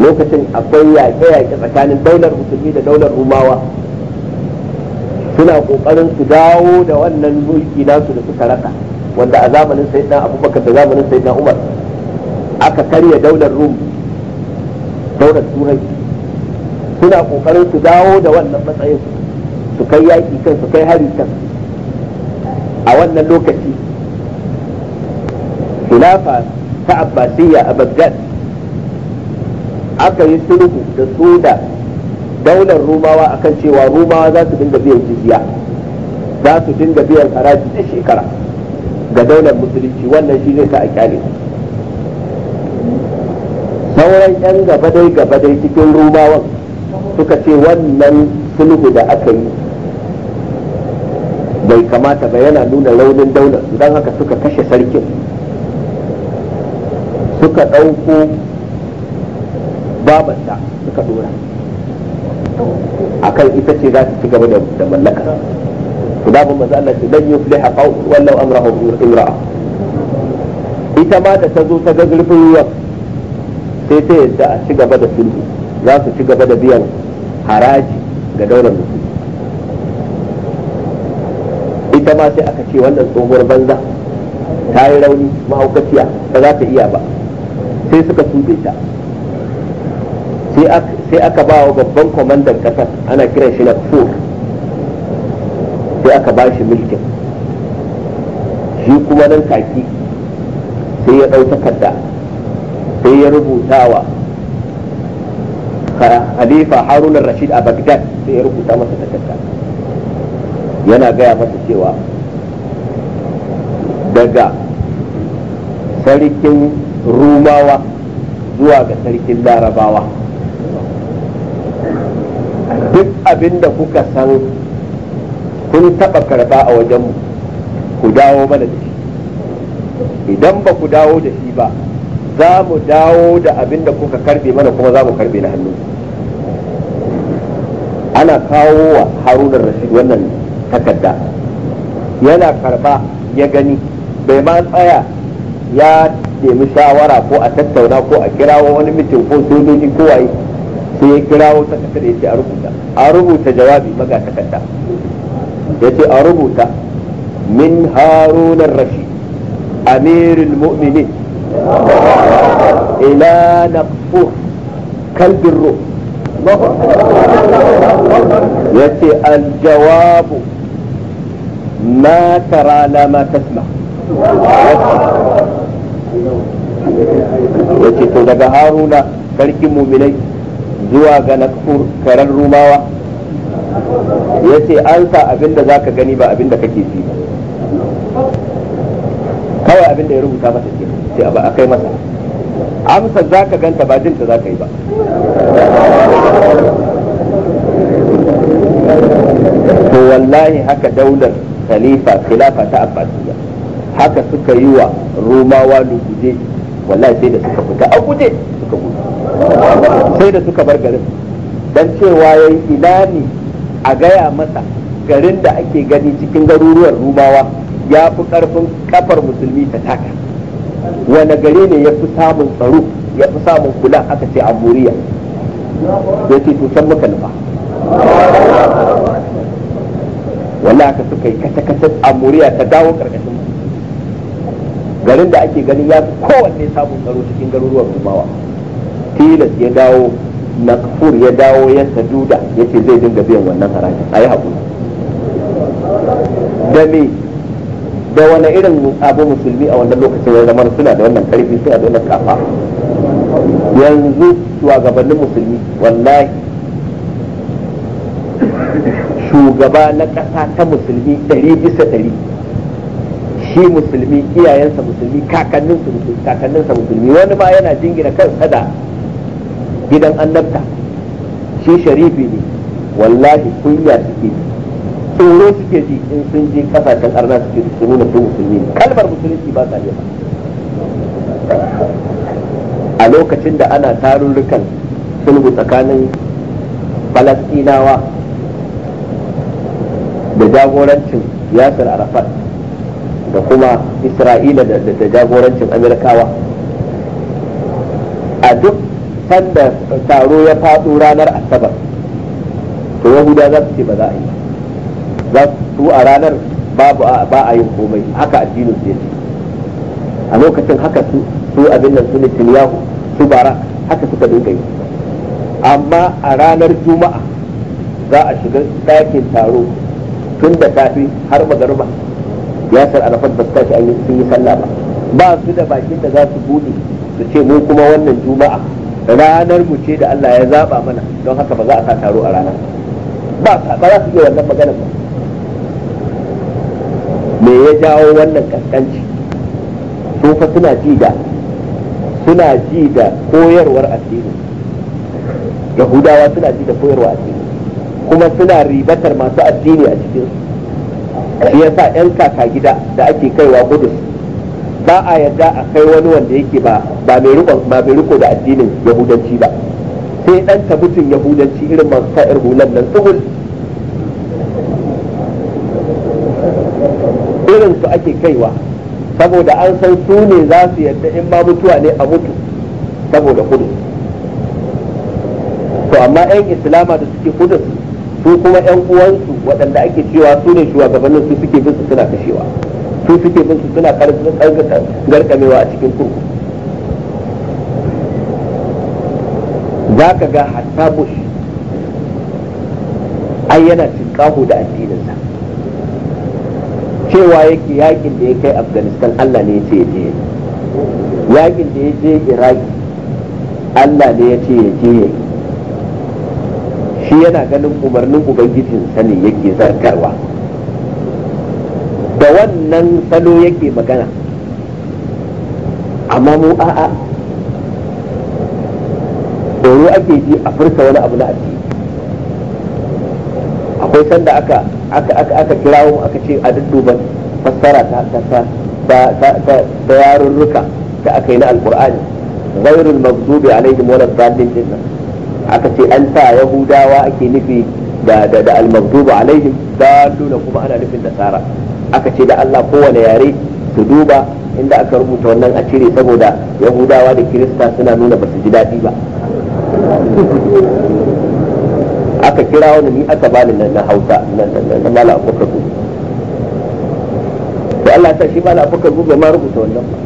lokacin akwai yaƙe-yaƙe tsakanin daular musulmi da daular rumawa suna ƙoƙarin su dawo da wannan mulki nasu da suka raka, wanda a zamanin sai na abubakar da zamanin sai na umar aka karya daular rum daular turai suna ƙoƙarin su dawo da wannan matsayin su kai yaƙi kan su kai hari kan a wannan lokaci khilafa ta abbasiyya a bagdad aka yi sulhu da su da daular rumawa akan cewa rumawa za su dinga biyan jizya za su dinga biyan haraji da shekara ga daular musulunci wannan shi ne ka a kyale sauran yan gaba dai cikin rumawan suka ce wannan sulhu da aka yi bai kamata ba yana nuna launin daular don haka suka kashe sarkin suka ɗauko babanta suka ɗora akan ita ce za su ci gaba da mallaka su babu manzo Allah ce dan yufliha qaw wallau amrahu imra'a ita ma da ta zo ta ga zurfin ruwan sai ta yadda a ci gaba da sulhu za su ci gaba da biyan haraji ga daular musu ita ma sai aka ce wannan tsohuwar banza ta yi rauni mahaukaciya ba za ta iya ba sai suka tube ta sai aka ba wa babban kwamandan kasar ana kiran shi na kufur sai aka ba shi mulkin shi kuma nan kaki sai ya ɗau takarda sai ya rubuta wa halifa harunan rashid a bagdad sai ya rubuta masa takarda yana gaya masa cewa daga sarkin rumawa zuwa ga sarkin larabawa duk abin da kuka san kun taɓa karɓa a wajenmu ku dawo mana da shi idan ba ku dawo da shi ba za mu dawo da abin da kuka karbe mana kuma za mu karbe na hannu ana kawo wa harunan rashid wannan takarda yana karɓa ya gani bai ma tsaya ya nemi shawara ko a tattauna ko a kirawo wani mitin ko sojoji ko waye sai ya kirawo takardar ya ce a rubuta a rubuta jawabi maga takarda ya ce a rubuta min harunan rashi amirul mu'minin ila naqfu kalbin ruh ya ce aljawabu ma tara la ma tasma wace to daga haruna sarkin Mumilai zuwa ga na karen rumawa ya ce an sa abin da za ka gani ba abin da kake fi kawai abin da ya rubuta masa ke ce ba a kai masa amsa za ka ganta ba jinta za ka yi ba to wallahi haka daular khalifa khilafa ta abbasiyya haka suka yi wa romawa guje wallahi sai da suka fita a guje suka gudu sai da suka bar garin dan cewa yayi ina ne a gaya masa garin da ake gani cikin garuruwan rumawa ya fi karfin kafar musulmi ta taka wani gari ne ya fi samun tsaro ya fi samun kula aka ce a buriya ya ce to muka nufa wala aka suka yi kata-kata a buriya ta dawo karkashin garin da ake ganin ya kowanne samun tsaro cikin garuruwan rumawa tilas ya dawo na kafur ya dawo ya saduda ya ce zai dinga biyan wannan haraji a yi haƙuri da me da wani irin abu musulmi a wannan lokacin ya zama suna da wannan karfi suna da wannan kafa yanzu shugabannin musulmi wallahi shugaba na ƙasa ta musulmi ɗari bisa ɗari shi musulmi iyayensa musulmi kakanninsa musulmi kakanninsa musulmi wani ma yana jingina kan da gidan annabta shi sharifi ne wallahi kunya suke tsoro suke ji in sun je kasashen arna suke su nuna su musulmi kalmar musulunci ba sa ba a lokacin da ana tarurrukan sulhu tsakanin falastinawa da jagorancin yasir arafat da kuma isra'ila da jagorancin amerikawa a duk sanda taro ya faɗo ranar asabar to yahuda za su ce ba za a yi za su a ranar ba a yin komai haka addinin su yake a lokacin haka su abin nan su Netanyahu su bara haka suka dinga yi amma a ranar juma'a za a shiga ɗakin taro tun da safe har magarba yasir arafat ba su tashi an yi sun yi sallah ba ba su da bakin da za su bude su ce mu kuma wannan juma'a ranar mu ce da Allah ya zaba mana don haka ba za a sa taro a rana ba ba za su iya wannan magana ba me ya jawo wannan kaskanci su fa suna ji da suna ji da koyarwar addini yahudawa suna ji da koyarwar addini kuma suna ribatar masu addini a cikinsu ya sa 'yan kaka gida da ake kaiwa gudus ba a yarda a kai wani wanda yake ba ba mai riko da addinin yahudanci ba sai dan tabutun yahudanci irin masu sa'ir hulan nan tsohon irin su ake kaiwa saboda an san su ne za su yarda in ma mutuwa ne a mutu saboda kudu to amma 'yan islama da suke kudin su kuma yan uwansu waɗanda ake cewa su ne shugabannin su suke bin su suna kashewa su suke bin su suna garkamewa a cikin kurku za ka ga hatta bush ai yana tinkaho da addininsa cewa yake yakin da ya kai afghanistan allah ne ya ce ya je yakin da ya je iraki allah ne ya ce ya je yake. shi yana ganin umarnin ubangijin sani yake zartarwa da wannan salo yake magana amma mu a'a tsoro ake ji a furta wani abu na addini akwai sanda aka aka aka aka kirawo aka ce a dudduba fassara ta ta ta da yarurruka da aka yi na alkur'ani ghairul maghdubi alaihim wala dhalin dinnan aka ce an sa yahudawa ake nufi da da da almaghdubu alaihim daluna kuma ana nufin nasara aka ce da Allah kowane yare su duba inda aka rubuta wannan a cire saboda yahudawa da kirista suna nuna basu ji daɗi ba aka kira wani ni aka bani nan na hausa na mala abubakar gudu to Allah ta shi mala abubakar gudu ma rubuta wannan ba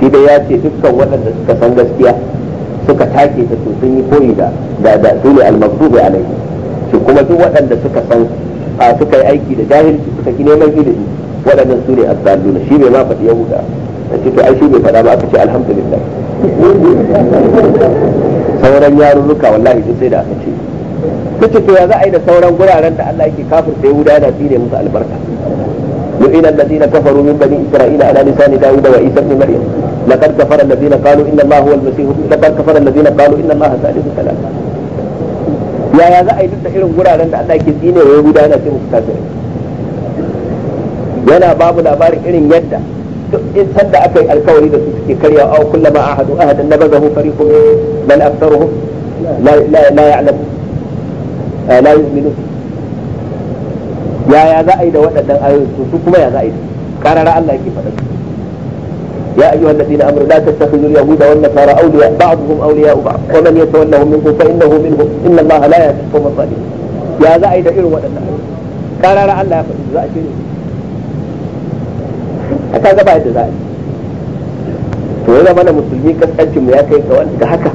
shi da ya ce dukkan waɗanda suka san gaskiya suka take ta sun yi koyi da da da sune al-maghdubi alaihi shi kuma duk waɗanda suka san suka yi aiki da jahilci suka ki neman ilimi waɗannan su ne azzaluna shi bai ma faɗi yahuda da shi to ai shi bai faɗa ba aka ce alhamdulillah sauran yarurruka wallahi duk sai da aka ce kace to ya za a yi da sauran guraren da Allah yake kafirta yahuda yana ne musu albarka yu'ina alladhina kafaru min bani isra'ila ala lisani dawuda wa isa ibn maryam لقد كفر الذين قالوا إن الله هو المسيح لقد كفر الذين قالوا إن الله ثالث ثلاثة يا يا ذا wa Yahuda yana yana babu labarin irin yadda duk in sanda aka yi alkawari da su suke karya aw kullama ahadu ahadan nabazahu fariqun bal aktharuhum la la la ya'lam la yu'minun ya ya za a yi da waɗannan ayoyi su kuma ya za a yi karara Allah yake faɗa يا أيها الذين أمروا لا تتخذوا اليهود والنصارى أولياء بعضهم أولياء بعض ومن يتولهم منكم فإنه منهم إن الله لا يهدي القوم الظالمين يا ذا أي دائر ولا قال لا لا يقول ذا بعد ذلك وإذا من مسلمين كسألتم يا كيف وأنت هكا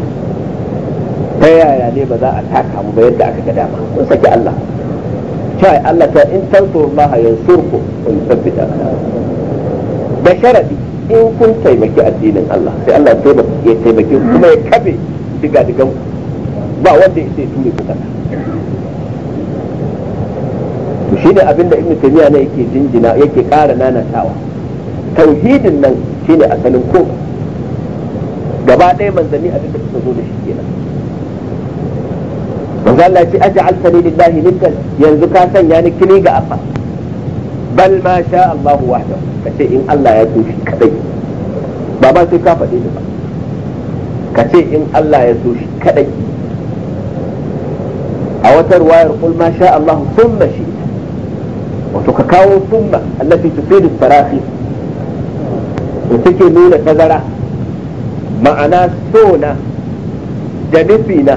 يا يا ne ba za مبين taka mu وسكى الله شاي الله dama kun saki Allah ta Allah بشرتي in kun taimaki addinin Allah sai Allah ya taimaki kuma ya kabe diga diga ba wanda ya sai tuni kuka to shine abinda ibnu taymiya ne yake jinjina yake ƙara nanatawa tauhidin nan shine asalin ko gaba ɗaya manzanni abin da suka zo da shi kenan manzo Allah ya ce aj'altani lillahi nikal yanzu ka sanya ni kini ga Allah bal ma sha Allah wahdahu kace in Allah ya so kadai ba sai ka faɗe ba kace in Allah ya so kadai a wata ruwayar qul ma sha Allah thumma shi wato ka kawo thumma allati tufidu farahi nuna tazara ma'ana so na da na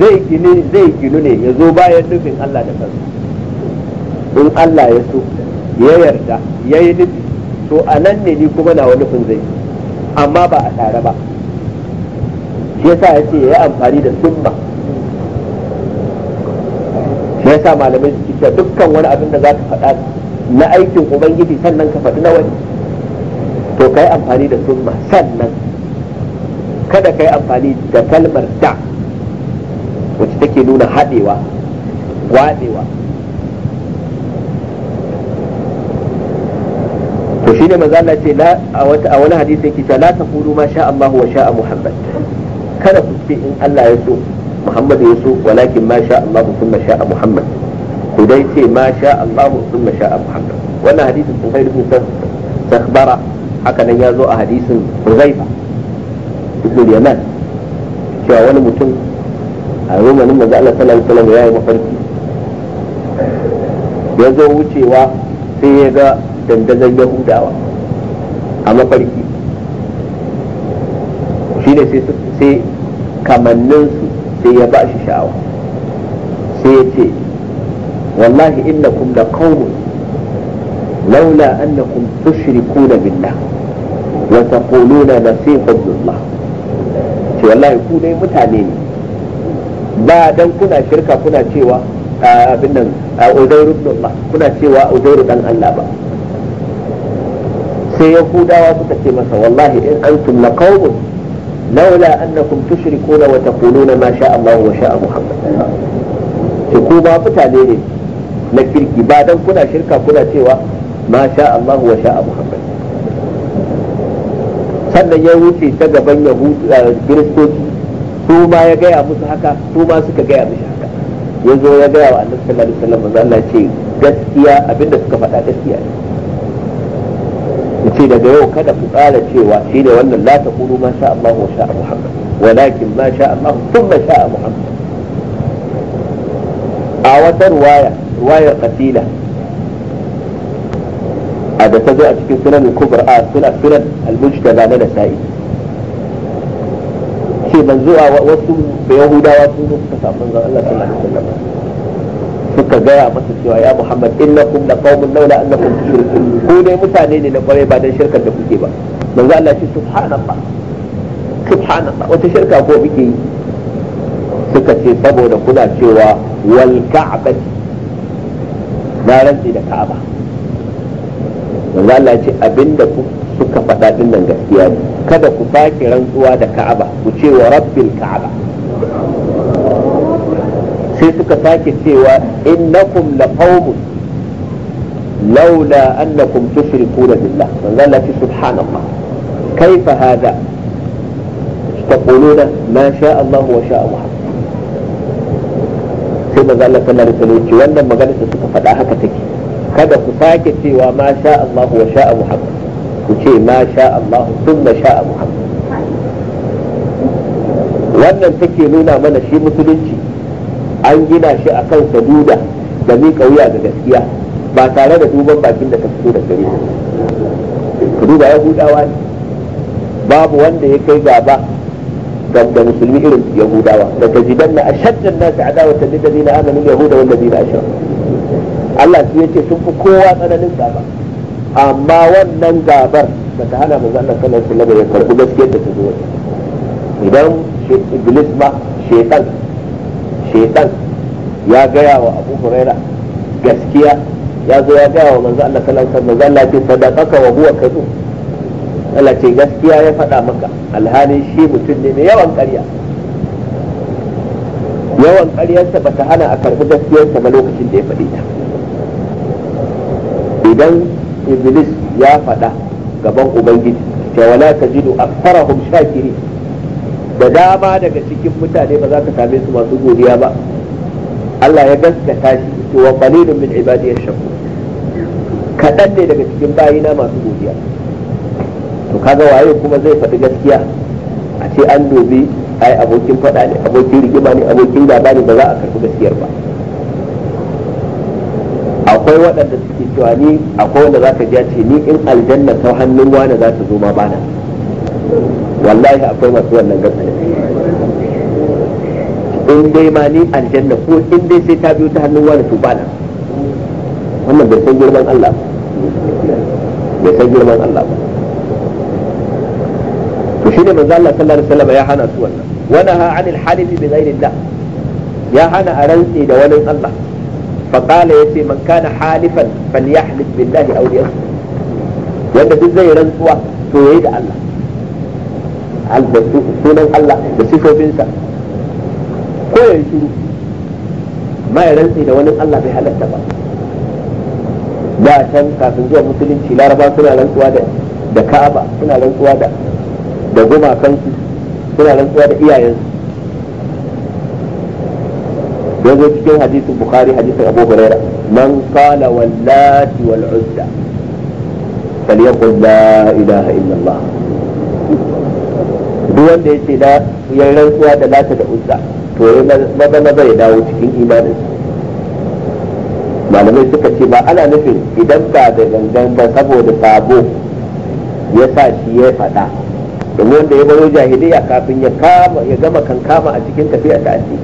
zai ginu ne ya zo bayan nufin Allah da kansa in Allah ya so ya yarda ya yi nufi to a nan ne ni kuma nawa nufin zai amma ba a tare ba shi yasa ya ce ya yi amfani da summa shi yasa malamai su cikin dukkan wani abin da za ka faɗa na aikin ubangiji sannan ka faɗi na wani to ka yi amfani da summa sannan kada ka yi amfani da kalmar da wacce take nuna haɗewa waɗewa to shine manzo Allah ce a wani hadisi yake cewa la taqulu ma sha Allah wa sha Muhammad kada ku ce in Allah ya so Muhammad ya so walakin ma sha Allah thumma sha Muhammad ku dai ce ma sha Allah thumma sha Muhammad wannan hadisin Bukhari ibn Sakhbara haka nan ya zo a hadisin Huzaifa ibn Yaman cewa wani mutum a rumanin maza Allah sallallahu alaihi wasallam ya yi mafarki ya zo wucewa sai ya ga dandazon yahudawa a mafarki shi ne sai kamanninsu sai ya ba shi sha'awa sai ya ce wallahi innakum la qaumun laula annakum tushrikuna billah wa taquluna nasihu billah ce wallahi ku dai mutane ne ba dan kuna shirka kuna cewa abin nan a uzairu kuna cewa uzairu dan Allah ba sai yahudawa suka ce masa wallahi in antum la qaumun laula annakum tushrikuna wa taquluna ma sha Allah wa sha Muhammad ce ku ba mutane ne na kirki ba dan kuna shirka kuna cewa ma sha Allah wa sha Muhammad sannan ya wuce ta gaban yahudu eh, kiristoci su ma ya gaya musu haka su ma suka gaya musu haka ya zo ya gaya wa annabi sallallahu alaihi wasallam Allah ce gaskiya abinda suka faɗa gaskiya ne ku daga yau kada ku ƙara cewa shi ne wannan la ta kulu ma sha Allah wa sha Muhammad walakin ma sha Allah thumma sha Muhammad a wata ruwaya ruwayar qatila a da ta zo a cikin sunan kubra a sunan sunan al-mujtaba na nasa'i ce manzo a wasu yahudawa sun zo suka samu manzon Allah sallallahu alaihi wasallam ka gaya masa cewa ya muhammad innakum la qaumun laula annakum tushrikun ko dai mutane ne na kwarai ba dan shirkar da kuke ba manzo Allah ce subhanallah subhanallah wata shirka ko muke yi suka ce saboda kuna cewa wal ka'bati na rantsi da ka'aba manzo Allah ce abinda ku suka faɗa din nan gaskiya ne kada ku sake rantsuwa da ka'aba ku ce wa rabbil ka'aba sai suka sake cewa innakum laqaumun laula annakum tushrikuna billah manzo Allah ce subhanallah kaifa hada taquluna ma sha Allah wa sha Muhammad sai manzo Allah sallallahu alaihi wasallam ce wannan magana da suka faɗa haka take kada ku sake cewa ma sha Allah wa sha Muhammad ku ce ma sha Allah thumma sha Muhammad wannan take nuna mana shi musulunci an gina shi a kan saduda da miƙauya wuya ga gaskiya ba tare da duban bakin da ka fito da gare ka duba yahudawa ne babu wanda ya kai gaba ga musulmi irin yahudawa da Daga jidan na ashaddan nasu ta dida zina amalin yahuda wanda zina ashraku Allah su ce sun fi kowa tsananin gaba amma wannan gabar da ta hana mu zanna sallallahu alaihi ya karɓi gaskiyar da ta zo idan iblis ma shaytan shaitan ya gaya wa abu huraira gaskiya ya zo ya gaya wa manzo Allah sallallahu alaihi wasallam Allah ce sadaqaka wa huwa kadhub Allah ce gaskiya ya faɗa maka alhalin shi mutum ne mai yawan ƙarya yawan ƙaryarsa bata hana a karɓi gaskiyarsa ba lokacin da ya faɗi ta idan iblis ya faɗa gaban ubangiji ta wala tajidu aktharahum shakirin da dama daga cikin mutane ba za ka same su masu godiya ba Allah ya gaskata shi to wa qalilun min ibadi yashkur kadan ne daga cikin bayina masu godiya to kaga waye kuma zai faɗi gaskiya a ce an dobi ai abokin faɗa ne abokin rigima ne abokin gaba ne ba za a karɓi gaskiyar ba akwai waɗanda suke cewa ni akwai wanda za ka ji ce ni in aljanna ta hannun wani za ta zo ma bana wallahi akwai masu wannan gaskiya in dai ma ni aljanna ko in dai sai ta biyo ta hannun wani to bana wannan bai san girman Allah bai san girman Allah ba to shine manzo Allah sallallahu alaihi wasallam ya hana su wannan wana ha anil halifi bi ya hana a rantsi da wani Allah فقال يتي من كان حالفا فليحلف بالله او ليصمت wanda duk zai rantsuwa to yayi da Allah da sunan Allah da sifofinsa ko ya shiru rantsi da wani Allah bai halatta ba da can kafin zuwa musulunci laraba suna rantsuwa da da ka'aba suna rantsuwa da da gumakansu suna rantsuwa da iyayensu yanzu cikin hadisin bukhari hadisin abu huraira man qala wallati wal uzza falyaqul la ilaha illallah duk wanda ya ce da yan rantsuwa da lata da uzza to ya maza maza ya dawo cikin imanin malamai suka ce ba ana nufin idan ba da gangan ba saboda sabo ya sa shi ya faɗa domin wanda ya baro jahiliya kafin ya kama ya gama kankama a cikin tafiya ta ce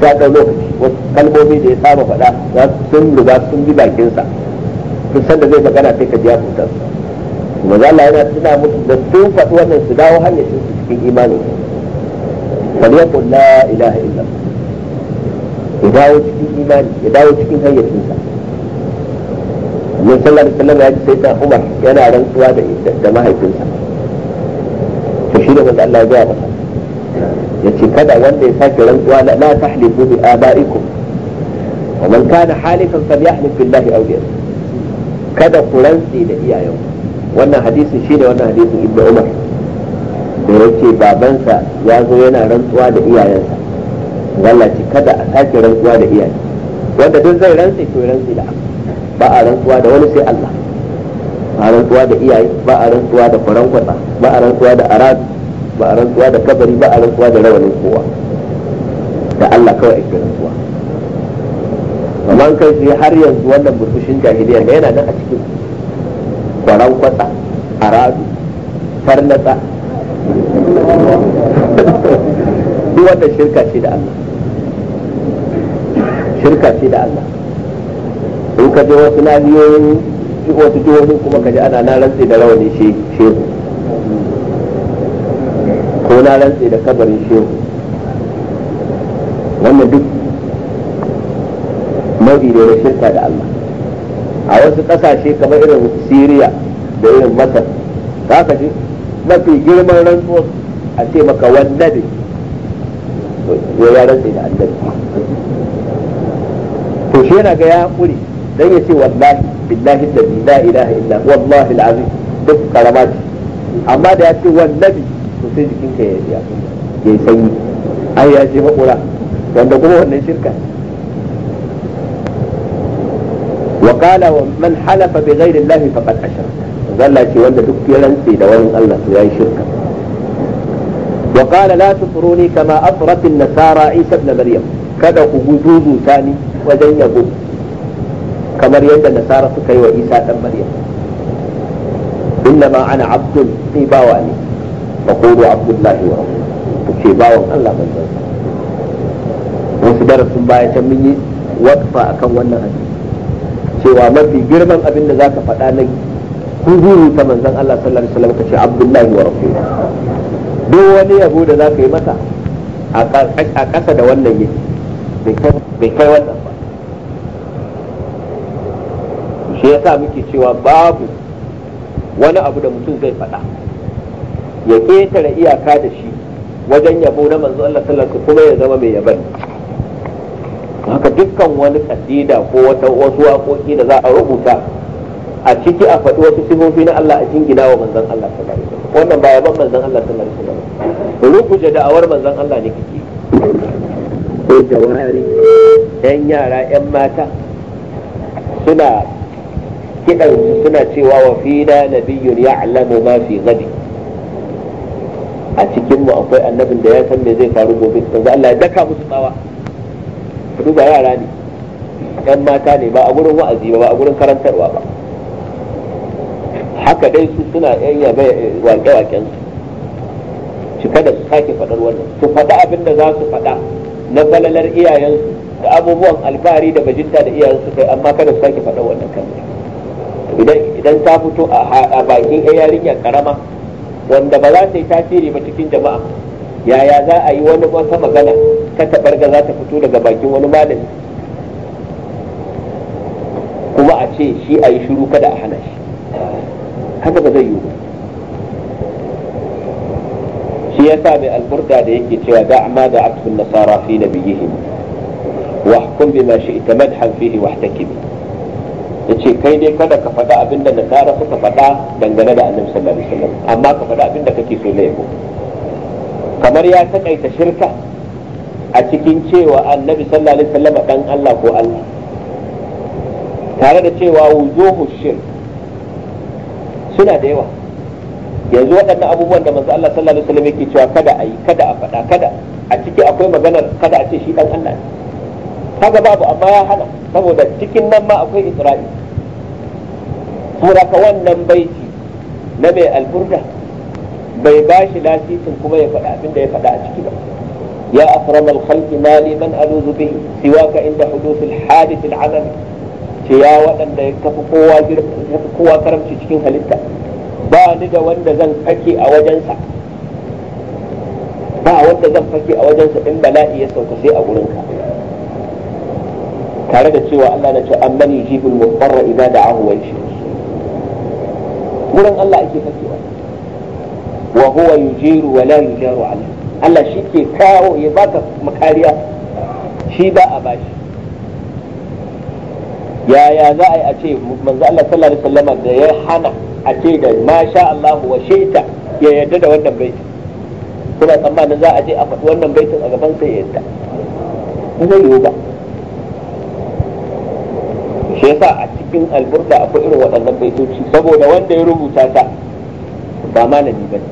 ta ɗau lokaci wasu kalmomi da ya saba faɗa za su sun riga sun bi bakinsa sun san da zai magana sai ka ji ya fitar maza Allah yana tuna musu da sun faɗi wannan su dawo hanyar su cikin imanin falyakul illa ya dawo cikin imani ya dawo cikin hayyacinsa annabi sallallahu alaihi wasallam ya ce Umar yana rantsuwa da da mahaifinsa to shi da manzo Allah ya ga yace kada wanda sake rantsuwa la tahlifu bi abaikum wa man kana halifan falyahlif billahi aw kada ku rantsi da iyayen wannan hadisin shi da wannan hadisin Umar da ya ce babansa ya zo yana rantsuwa da iyayensa Allah ce kada a sake rantsuwa da iyaye wanda duk zai rantse to rantsi da ba a rantsuwa da wani sai Allah ba a rantsuwa da iyaye ba a rantsuwa da faran kwata ba a rantsuwa da arab ba a rantsuwa da kabari ba a rantsuwa da rawanin kowa da Allah kawai ake rantsuwa amma kai sai har yanzu wannan burbushin jahiliya yana nan a cikin kwaran kwata aradu farnata duk wannan shirka ce da Allah shirka ce da Allah in ka je wasu nahiyoyin wasu jihohin kuma ka ji ana na rantse da rawani shehu ko na rantse da kabarin shehu wannan duk nau'i ne na shirka da Allah a wasu ƙasashe kamar irin Siriya da irin Masar za ka ji mafi girman rantsuwa a ce maka wannabi ya ya rantse da annabi to shi yana ga ya kuri dan ya ce wallahi billahi la ilaha illa wallahi alazim duk karama ce amma da ya ce wannabi to sai jikinka ya ya yi sanyi ai ya je makura wanda kuma wannan shirka وقال ومن حلف بغير الله فقد اشرك قال لا شيء ولا دك يرنسي ده وين الله تو ياي shirka. وقال لا تطروني كما أطرت النصارى عيسى ابن مريم kada ku gudu ni wajen yabo kamar yadda nasara suka yi wa isa dan maryam innama ana abdul ni bawa ne fa qulu abdullahi wasu darasin baya ta mun yi wakfa akan wannan hadisi cewa mafi girman abin da zaka faɗa na huzuru ta manzon Allah sallallahu alaihi wasallam kace abdullahi wa duk wani yabo da za ka yi masa a ƙasa da wannan yake bai kai wannan ba shi sa muke cewa babu wani abu da mutum zai faɗa ya ƙetare iyaka da shi wajen yabo na manzo Allah sallallahu kuma ya zama mai yaban haka dukkan wani kadida ko wata wasu waƙoƙi da za a rubuta a ciki a faɗi wasu sifofi na Allah a gida wa manzon Allah sallallahu alaihi wannan ba yaban manzon Allah sallallahu alaihi wasallam ruguje da'awar manzon Allah ne kike ko jawari yan yara yan mata suna kidan suna cewa wa fina nabiyyun ya'lamu ma fi gadi a cikin mu akwai annabin da ya san me zai faru gobe manzo Allah ya daka musu tsawa duba yara ne yan mata ne ba a gurin wa'azi ba ba a gurin karantarwa ba haka dai su suna yan yabe wake-waken su shi kada su sake faɗar wannan su faɗa abin da za su faɗa na falalar iyayensu da abubuwan alfahari da bajinta da iyayensu kai amma kada su sake faɗar wannan kan idan ta fito a bakin yarinya karama wanda ba za ta yi tasiri ba cikin jama'a yaya za a yi wani wata magana ta tabarga za ta fito daga bakin wani malami kuma a ce shi a yi shiru kada a hana shi haka ba zai yi shi yasa mai alburda da yake cewa da amma da atfun nasara fi nabiyihim wa hukum bima shi'ta madhan fihi wahtakim ce kai dai kada ka faɗa abin da nasara suka faɗa dangane da annabi sallallahu alaihi wasallam amma ka faɗa abin da kake so na yabo kamar ya taƙaita shirka a cikin cewa annabi sallallahu alaihi wasallam dan Allah ko Allah tare da cewa wujuhu shirk suna da yawa yanzu waɗannan abubuwan da manzo Allah sallallahu alaihi wasallam yake cewa kada a yi kada a faɗa kada a ciki akwai maganar kada a ce shi dan Allah kaga babu amma ya hana saboda cikin nan ma akwai Isra'i ka wannan baiti na mai alburda bai ba shi lasisin kuma ya faɗa abin da ya faɗa a ciki ba ya akram al-khalqi mali man aluzu bihi siwaka inda huduth al-hadith al ce ya waɗanda ya tafi kowa kowa karamci cikin halitta ba ni da wanda zan fake a wajensa ba wanda zan fake a wajensa in bala'i ya sauka sai a gurinka tare da cewa Allah na ce amman yujibul mudarra idza da'ahu wa yashi gurin Allah ake fakewa wa huwa yujiru wa la yujaru alayhi Allah shi ke kawo ya baka makariya shi ba a bashi yaya za a yi a ce manzo Allah sallallahu alaihi wasallam da ya hana a ce da masha Allah wa shaita ya yarda da wannan baiti kuna tsammanin za a je a faɗi wannan baitin a gaban sai ya yarda ba zai yiwu ba shi yasa a cikin alburda akwai irin waɗannan baitoci saboda wanda ya rubuta ta ba malami ba ne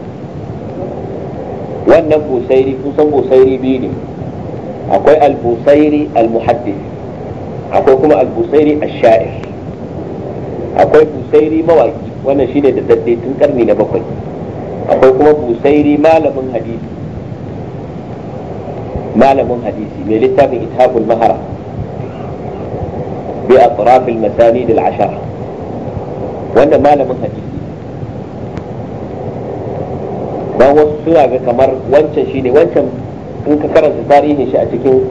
wannan busairi kusan busairi biyu ne akwai al-busairi al akwai kuma al-busairi ash-sha'ir akwai busairi mawaki wannan shine da dadde karni na bakwai akwai kuma busairi malamin hadisi malamin hadisi mai littafin ithabul mahara bi atraf al-masanid al-ashara wannan malamin hadisi ba wasu suna ga kamar wancan shine wancan in ka karanta tarihin shi a cikin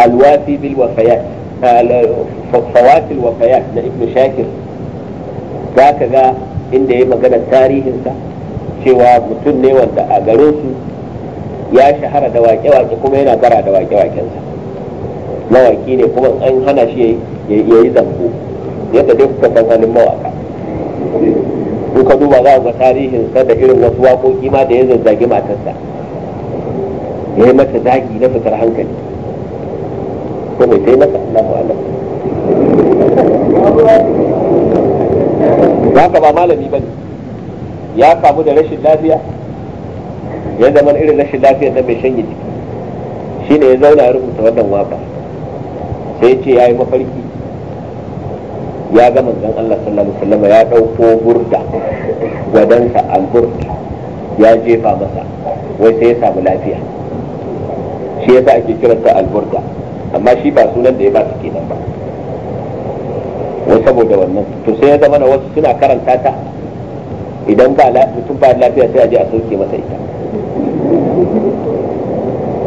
alwafi bil wafayat fawatil wafayat na ibn shakir za ka ga inda ya magana tarihinsa cewa mutum ne wanda a garinsu ya shahara da wake-wake kuma yana bara da wake-wakensa mawaki ne kuma an hana shi ya yi zambo yadda dai kuka san halin mawaka in ka duba za ga tarihinsa da irin wasu waƙoƙi ma da ya zazzagi matarsa ya yi mata zagi na fitar hankali ko bai sai masa Allahu alam za ka ba malami ba ne ya kamu da rashin lafiya ya zama irin rashin lafiya da mai shanye jiki shi ne ya zauna ya rubuta wannan waka sai ce ya yi mafarki ya ga manzon Allah sallallahu alaihi wasallam ya dauko burda gwadansa alburda ya jefa masa wai sai ya samu lafiya shi yasa ake kiranta alburda amma shi ba sunan da ya ba su kenan ba wai saboda wannan to sai ya zama na wasu suna karanta ta idan ba mutum ba lafiya sai a je a sauke masa ita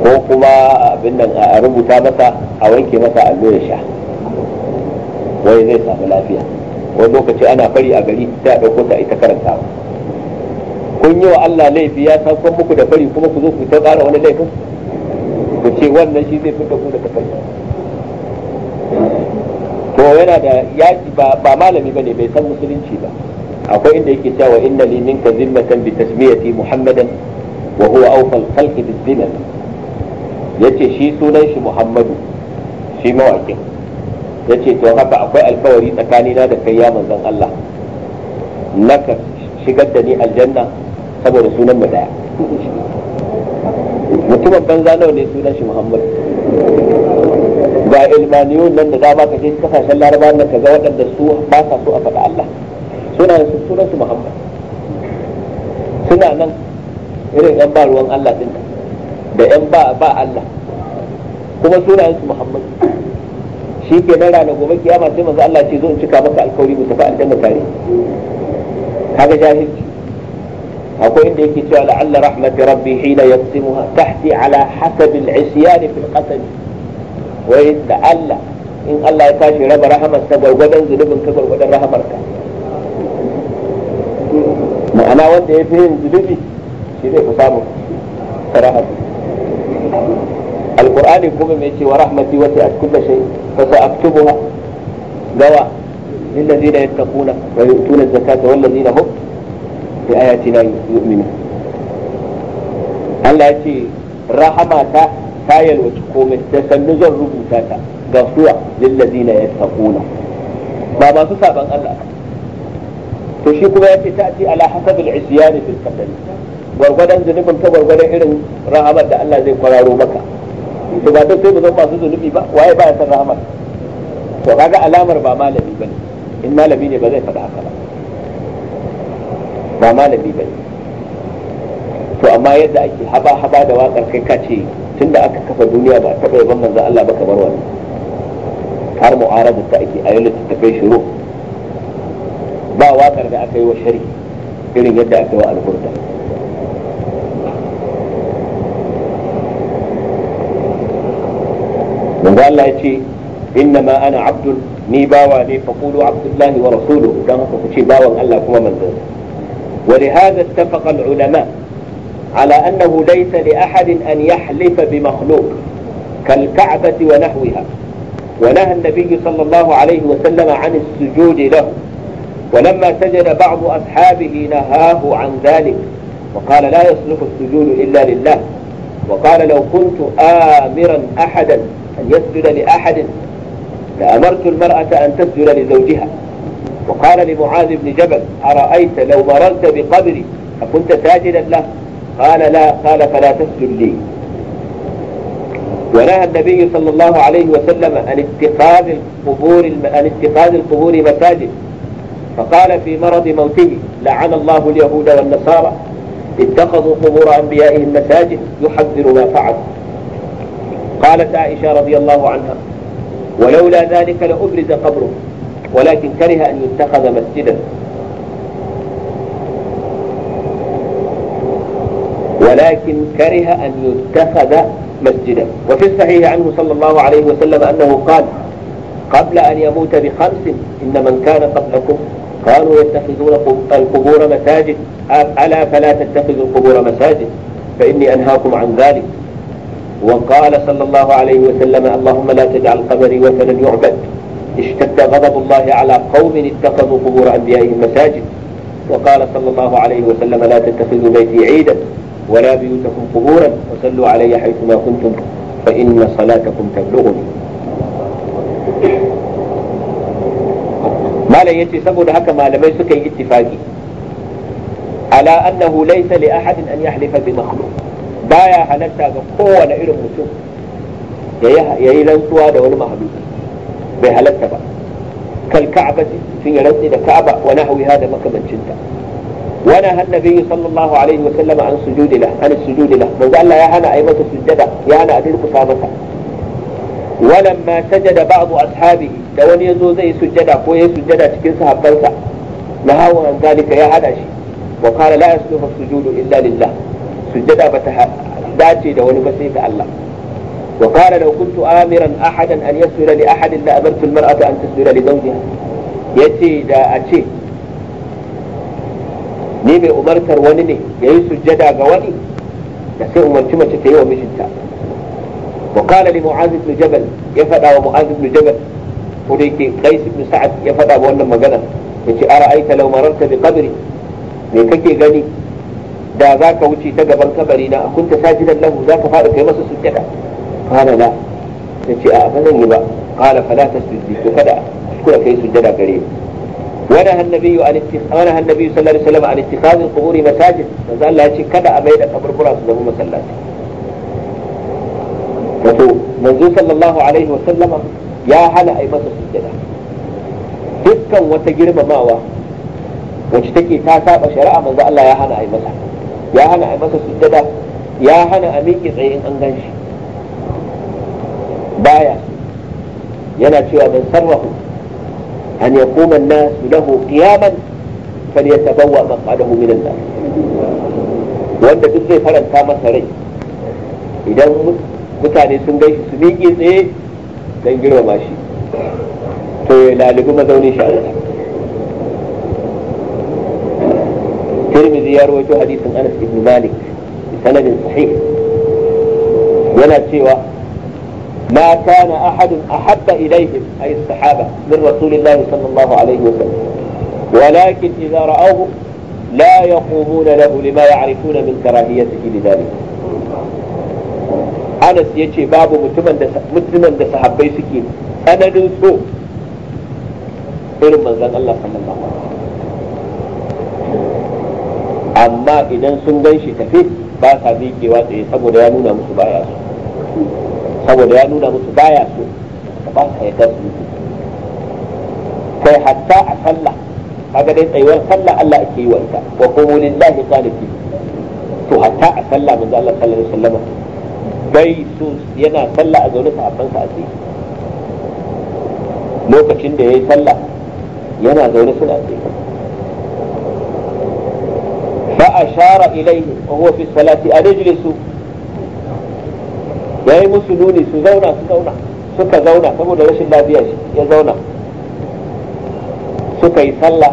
ko kuma abin nan a rubuta masa a wanke masa allo ya sha wai zai samu lafiya wani lokaci ana fari a gari sai a ɗauko ta ita karantawa kun yi wa Allah laifi ya san muku da fari kuma ku zo ku ta ƙara wani laifin ku ce wannan shi zai fita ku da fanya to yana da ya ba malami bane bai san musulunci ba akwai inda yake cewa inna li minka zimmatan bi tasmiyati muhammadan wa huwa awfal khalqi bizzinan yace shi sunan shi muhammadu shi mawakin yace to haka akwai alkawari tsakanina da kai ya manzon Allah naka shigar da ni aljanna saboda sunan mu daya mutumin banza nawa ne sunan shi muhammad ga ilmaniyu nan da dama ka je kasashen laraba nan ka ga waɗanda su ba sa so a faɗa Allah suna su sunan su muhammad suna nan irin yan ba ruwan Allah din da yan ba ba Allah kuma sunayen su muhammad shi ke nan ranar gobe kiyama sai manzo Allah ce zo in cika maka alkawari mu tafi aljanna tare kaga jahilci أقول إن كتاب لعل رحمة ربي حين يقسمها تحتي على حسب العصيان في القتل وإن تألا إن الله يفاش رب رحمة سبب ودن ذنب كبر ودن رحمة ما أنا وانت يفهم ذنبي شيء فصامه صراحة القرآن يقوم بمشي ورحمتي وسعت كل شيء فسأكتبها دواء للذين يتقون ويؤتون الزكاة والذين هم bi ayatina yu'minu Allah ya ce rahama ta ta yalwaci komai da sannu zan rubuta ta ga suwa lillazina yattaquna ba masu saban Allah to shi kuma yace ta ce ala hasabil isyani fil gwargwadon zunubin ta gwargwadon irin rahamar da Allah zai kwararo maka to ba ta sai mu masu zunubi ba waye ba ya san alamar ba malami in malami ne ba zai faɗa haka ba ba malami ba to amma yadda ake haba haba da wakar kai ka ce tunda aka kafa duniya ba taɓa yaban manzan Allah ba kamar wani har mu'arada ta ake ta kai shiru ba wakar da aka yi wa shari irin yadda aka yi wa alkurta manzo Allah ya ce innama ana abdul ni bawa ne faqulu abdullahi wa rasulu don haka ku ce bawan Allah kuma manzon ولهذا اتفق العلماء على أنه ليس لأحد أن يحلف بمخلوق كالكعبة ونحوها ونهى النبي صلى الله عليه وسلم عن السجود له ولما سجد بعض أصحابه نهاه عن ذلك وقال لا يصلح السجود إلا لله وقال لو كنت آمرا أحدا أن يسجد لأحد لأمرت المرأة أن تسجد لزوجها وقال لمعاذ بن جبل أرأيت لو مررت بقبري أكنت ساجدا له قال لا قال فلا تسجد لي ونهى النبي صلى الله عليه وسلم عن اتخاذ القبور عن اتخاذ القبور مساجد فقال في مرض موته لعن الله اليهود والنصارى اتخذوا قبور انبيائهم مساجد يحذر ما فعل قالت عائشه رضي الله عنها ولولا ذلك لابرز قبره ولكن كره أن يتخذ مسجدا ولكن كره أن يتخذ مسجدا وفي الصحيح عنه صلى الله عليه وسلم أنه قال قبل أن يموت بخمس إن من كان قبلكم كانوا يتخذون القبور مساجد ألا فلا تتخذوا القبور مساجد فإني أنهاكم عن ذلك وقال صلى الله عليه وسلم اللهم لا تجعل قبري وثنا يعبد اشتد غضب الله على قوم اتخذوا قبور أنبيائهم مساجد وقال صلى الله عليه وسلم لا تتخذوا بيتي عيدا ولا بيوتكم قبورا وصلوا علي حيثما كنتم فإن صلاتكم تبلغني malam yace saboda haka malamai suka yi ittifaki ala annahu laysa li ahadin an yahlifa bi makhluq baya halatta ga kowane irin mutum yayi rantsuwa da wani mahaluki bai halatta ba kal ka'bati sun ya rantsi da ka'aba wa nahwiha da makamancinta wani hannabi sallallahu alaihi wa sallama an sujudi la an sujudi la manzo Allah ya hana ayi mata sujjada ya hana a durkusa mata walamma sajada ba'du ashabihi da wani yazo zai sujjada ko yayi sujjada cikin sahabbansa nahawa an zalika ya hada shi wa qala la yasluhu sujudu illa lillah sujjada bata dace da wani ba sai ga Allah وقال لو كنت آمرا أحدا أن يسجد لأحد لأمرت المرأة أن تسجد لزوجها yace da a ce ni mai umartar wani ne ya sujjada ga wani da sai umarci mace ta yi wa mijinta wa kana li mu'az ya fada wa mu'az ibn jabal ko da yake qais ya fada wannan magana yace ara aita law mararta bi me kake gani da zaka wuce ta gaban kabari na kunta sajidan lahu zaka fada kai masa sujjada qala la tace a ba zan yi ba qala fala tasjudi to kada kuskura ونهى النبي عن ونهى النبي صلى الله عليه وسلم عن اتخاذ القبور مساجد manzo kada a mai da kaburbura su zama masallaci sallallahu alaihi wa sallama ya hana ai masa sujjada dukkan wata girmamawa wacce take ta saba shari'a manzo Allah ya hana ai masa ya hana ai masa sujjada ya hana a miƙe tsaye in an ganshi baya yana cewa man sarrahu an yaquma an-nas lahu qiyaman falyatabawwa maq'adahu wanda duk zai faranta masa rai idan mutane sun shi su miƙe tsaye don girmama shi to ya lalibi mazaunin shi Allah Tirmidhi ya rawaito hadisin Anas ibn Malik sanadin sahih yana cewa ما كان أحد أحب إليهم أي الصحابة من رسول الله صلى الله عليه وسلم ولكن إذا رأوه لا يقومون له لما يعرفون من كراهيته لذلك Anas ya ce babu mutumin da sahabbai suke tsananin so irin manzan Allah sallallahu alaihi amma idan sun gan shi tafi ba sa miƙewa tsaye saboda ya nuna musu baya saboda ya nuna musu baya so ba ka yarda su kai hatta a sallah kaga dai tsayuwar sallah Allah ake yi wa ita wa qumu lillahi qanitin to hatta a sallah manzo Allah sallallahu alaihi wasallam bai so yana sallah a zaune sa a kansa a tsaye lokacin da yayi sallah yana zaune suna tsaye fa ashara ilayhi wa huwa fi salati an yayi musu nuni su zauna su zauna suka zauna saboda rashin lafiya shi ya zauna suka yi sallah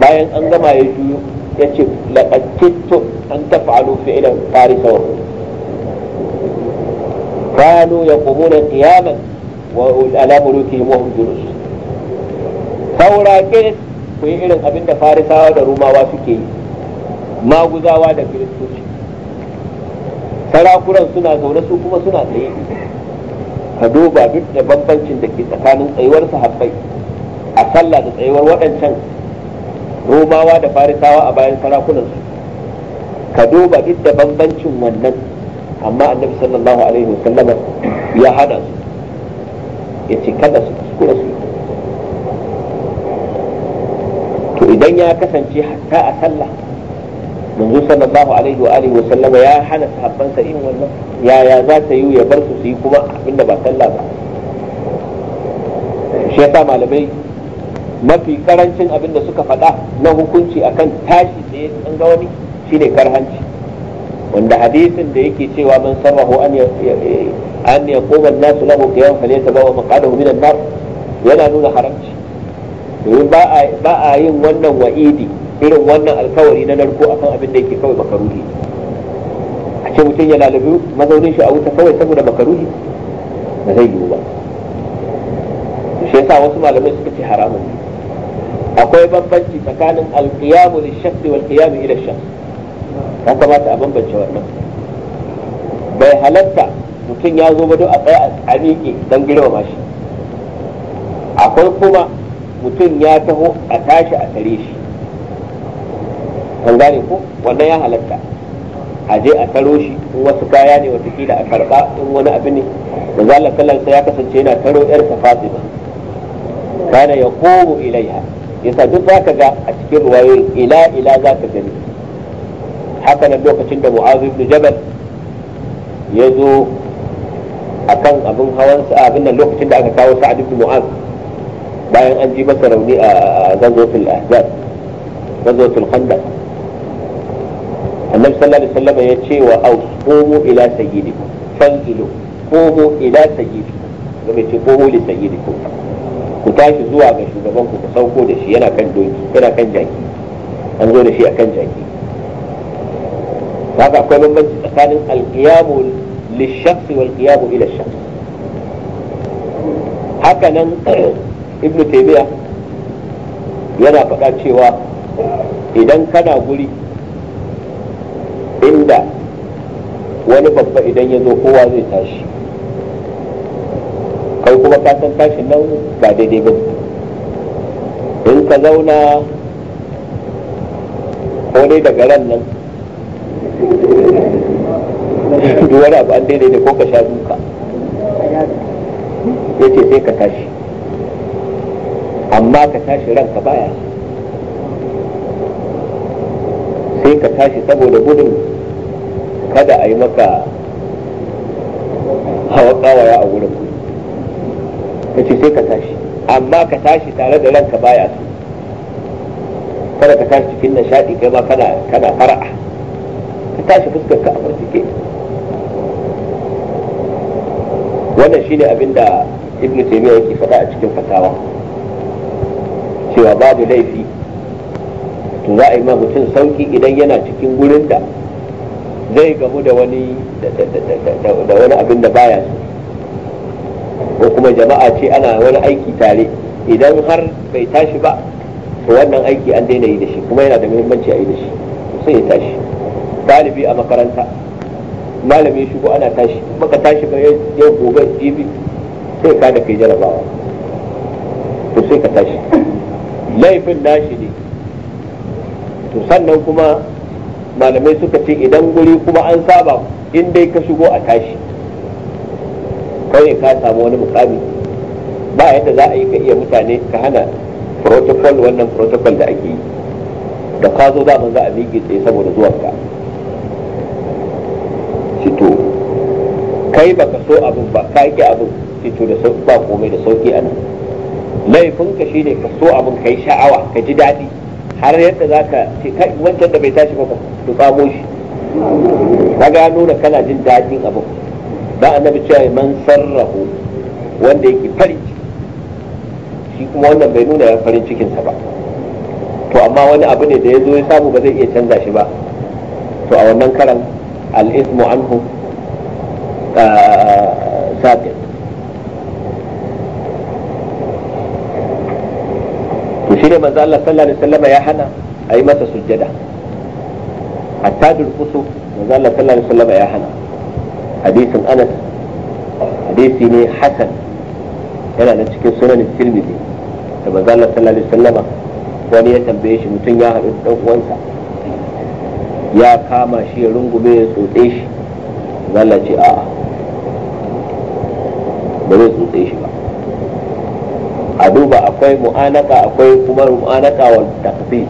bayan an gama ya juyo ya ce laqad kittu an taf'alu idan farisa wa kanu yaqumuna qiyaman wa al'amuru ke wa hum julus saurake ku yi irin abin da farisawa da rumawa suke yi maguzawa da kiristoci sarakunan suna zaune su kuma suna tsaye ka duba duk da bambancin da ke tsakanin tsayuwar sahabbai a sallah da tsayuwar waɗancan romawa da farisawa a bayan sarakunan su ka duba duk da bambancin wannan amma annabi sallallahu alaihi wasallam ya hada su ya ce kada su kuskura su to idan ya kasance hatta a sallah manzo sallallahu alaihi wa alihi wa sallama ya hana sahabbansa yin wannan yaya za ta yi ya bar su su yi kuma abinda ba talla ba shi yasa malamai mafi karancin abin da suka fada na hukunci akan tashi da an ga wani shine karhanci wanda hadisin da yake cewa man sarrahu an an yaquma an-nasu lahu qiyam falyatabawa maqadahu min an-nar yana nuna haramci domin ba a yin wannan wa'idi irin wannan alkawari na narko akan abin da yake kawai makaruhi a ce mutum ya lalabi mazaunin shi a wuta kawai saboda makaruhi ba zai yiwu ba shi yasa wasu malamai suka ce haramun akwai bambanci tsakanin alqiyamu lishakhsi wal qiyamu ila shakhs ya kamata a bambance wannan bai halatta mutum ya zo ba don a tsaya a miƙe don girmama shi akwai kuma mutum ya taho a tashi a tare shi an gane ko wannan ya halatta a je a taro shi in wasu kaya ne watakila a karba in wani abu ne da zalla sallarsa ya kasance yana taro yar ta fatima kana ya komo ilaiha yasa duk ka ga a cikin ruwayoyin ila ila ka gani haka nan lokacin da mu'azu ibn jabal ya zo akan abin hawan sa abin nan lokacin da aka kawo sa'ad ibn mu'az bayan an ji masa rauni a gazwatul ahzab khandaq annabi sallallahu alaihi wasallam ya ce wa aus qumu ila sayyidikum fanzilu qumu ila sayyidikum ga bai ce qumu li sayyidikum ku tashi zuwa ga shugaban ku ku sauko da shi yana kan doki yana kan jaki an zo da shi akan jaki haka akwai bambanci tsakanin alqiyamu lishakhs wal qiyamu ila shakhs haka nan ibnu taymiya yana faɗa cewa idan kana guri inda wani babba idan ya zo kowa zai tashi kai kuma ka san tashin nan ba daidai ba in ka zauna ko dai daga ran nan duk wani abu an daidai ko ka sha duka ya ce sai ka tashi amma ka tashi ranka baya sai ka tashi saboda gudun kada a yi maka hawa kawaya a wurin ka ce sai ka tashi amma ka tashi tare da ranka baya su kada ka tashi cikin nishaɗi kai ma kana kana fara'a ka tashi fuskar ka a farcike wannan shine abin da ibnu ya yake faɗa a cikin fatawa cewa babu laifi to za a yi ma mutum sauki idan yana cikin gurin da zai gamu da wani da wani abin da baya so ko kuma jama'a ce ana wani aiki tare idan har bai tashi ba to wannan aiki an daina yi da shi kuma yana da muhimmanci a yi da shi sai ya tashi ɗalibi a makaranta malami shigo ana tashi maka tashi ba yau gobe jibi sai ka da kai jarabawa to sai ka tashi laifin nashi ne to sannan kuma malamai suka ce idan guri kuma an saba in dai ka shigo a tashi kawai ka samu wani mukami ba yadda za a yi ka iya mutane ka hana protocol wannan protocol da ake yi da ka zo daman za a miƙe tsaye saboda zuwanka cito kai baka so abin ba ka ƙi abin cito da sauƙi ba komai da sauki a nan laifinka shine ka so abin ka yi sha'awa ka ji daɗi har yadda za ka ce kai wancan da bai tashi ba to tsamo shi kaga nuna kana jin daɗin abu ba annabi cewa man sarrahu wanda yake farin shi kuma wannan bai nuna ya farin cikinsa ba to amma wani abu ne da ya zo ya samu ba zai iya canza shi ba to a wannan karan al-ismu anhu ah, manzo Allah sallallahu alaihi wasallam ya hana a yi masa sujjada hatta durkusu manzo Allah sallallahu alaihi wasallam ya hana hadisin Anas hadisi ne Hassan yana da cikin sunan Tirmidhi da manzo Allah sallallahu alaihi wasallam wani ya tambaye shi mutum ya haɗu da uwansa ya kama shi ya rungume ya tsotse shi manzo Allah ce a'a ba zai tsotse shi ba a duba akwai mu'anaka akwai kuma mu'anaka wa takfi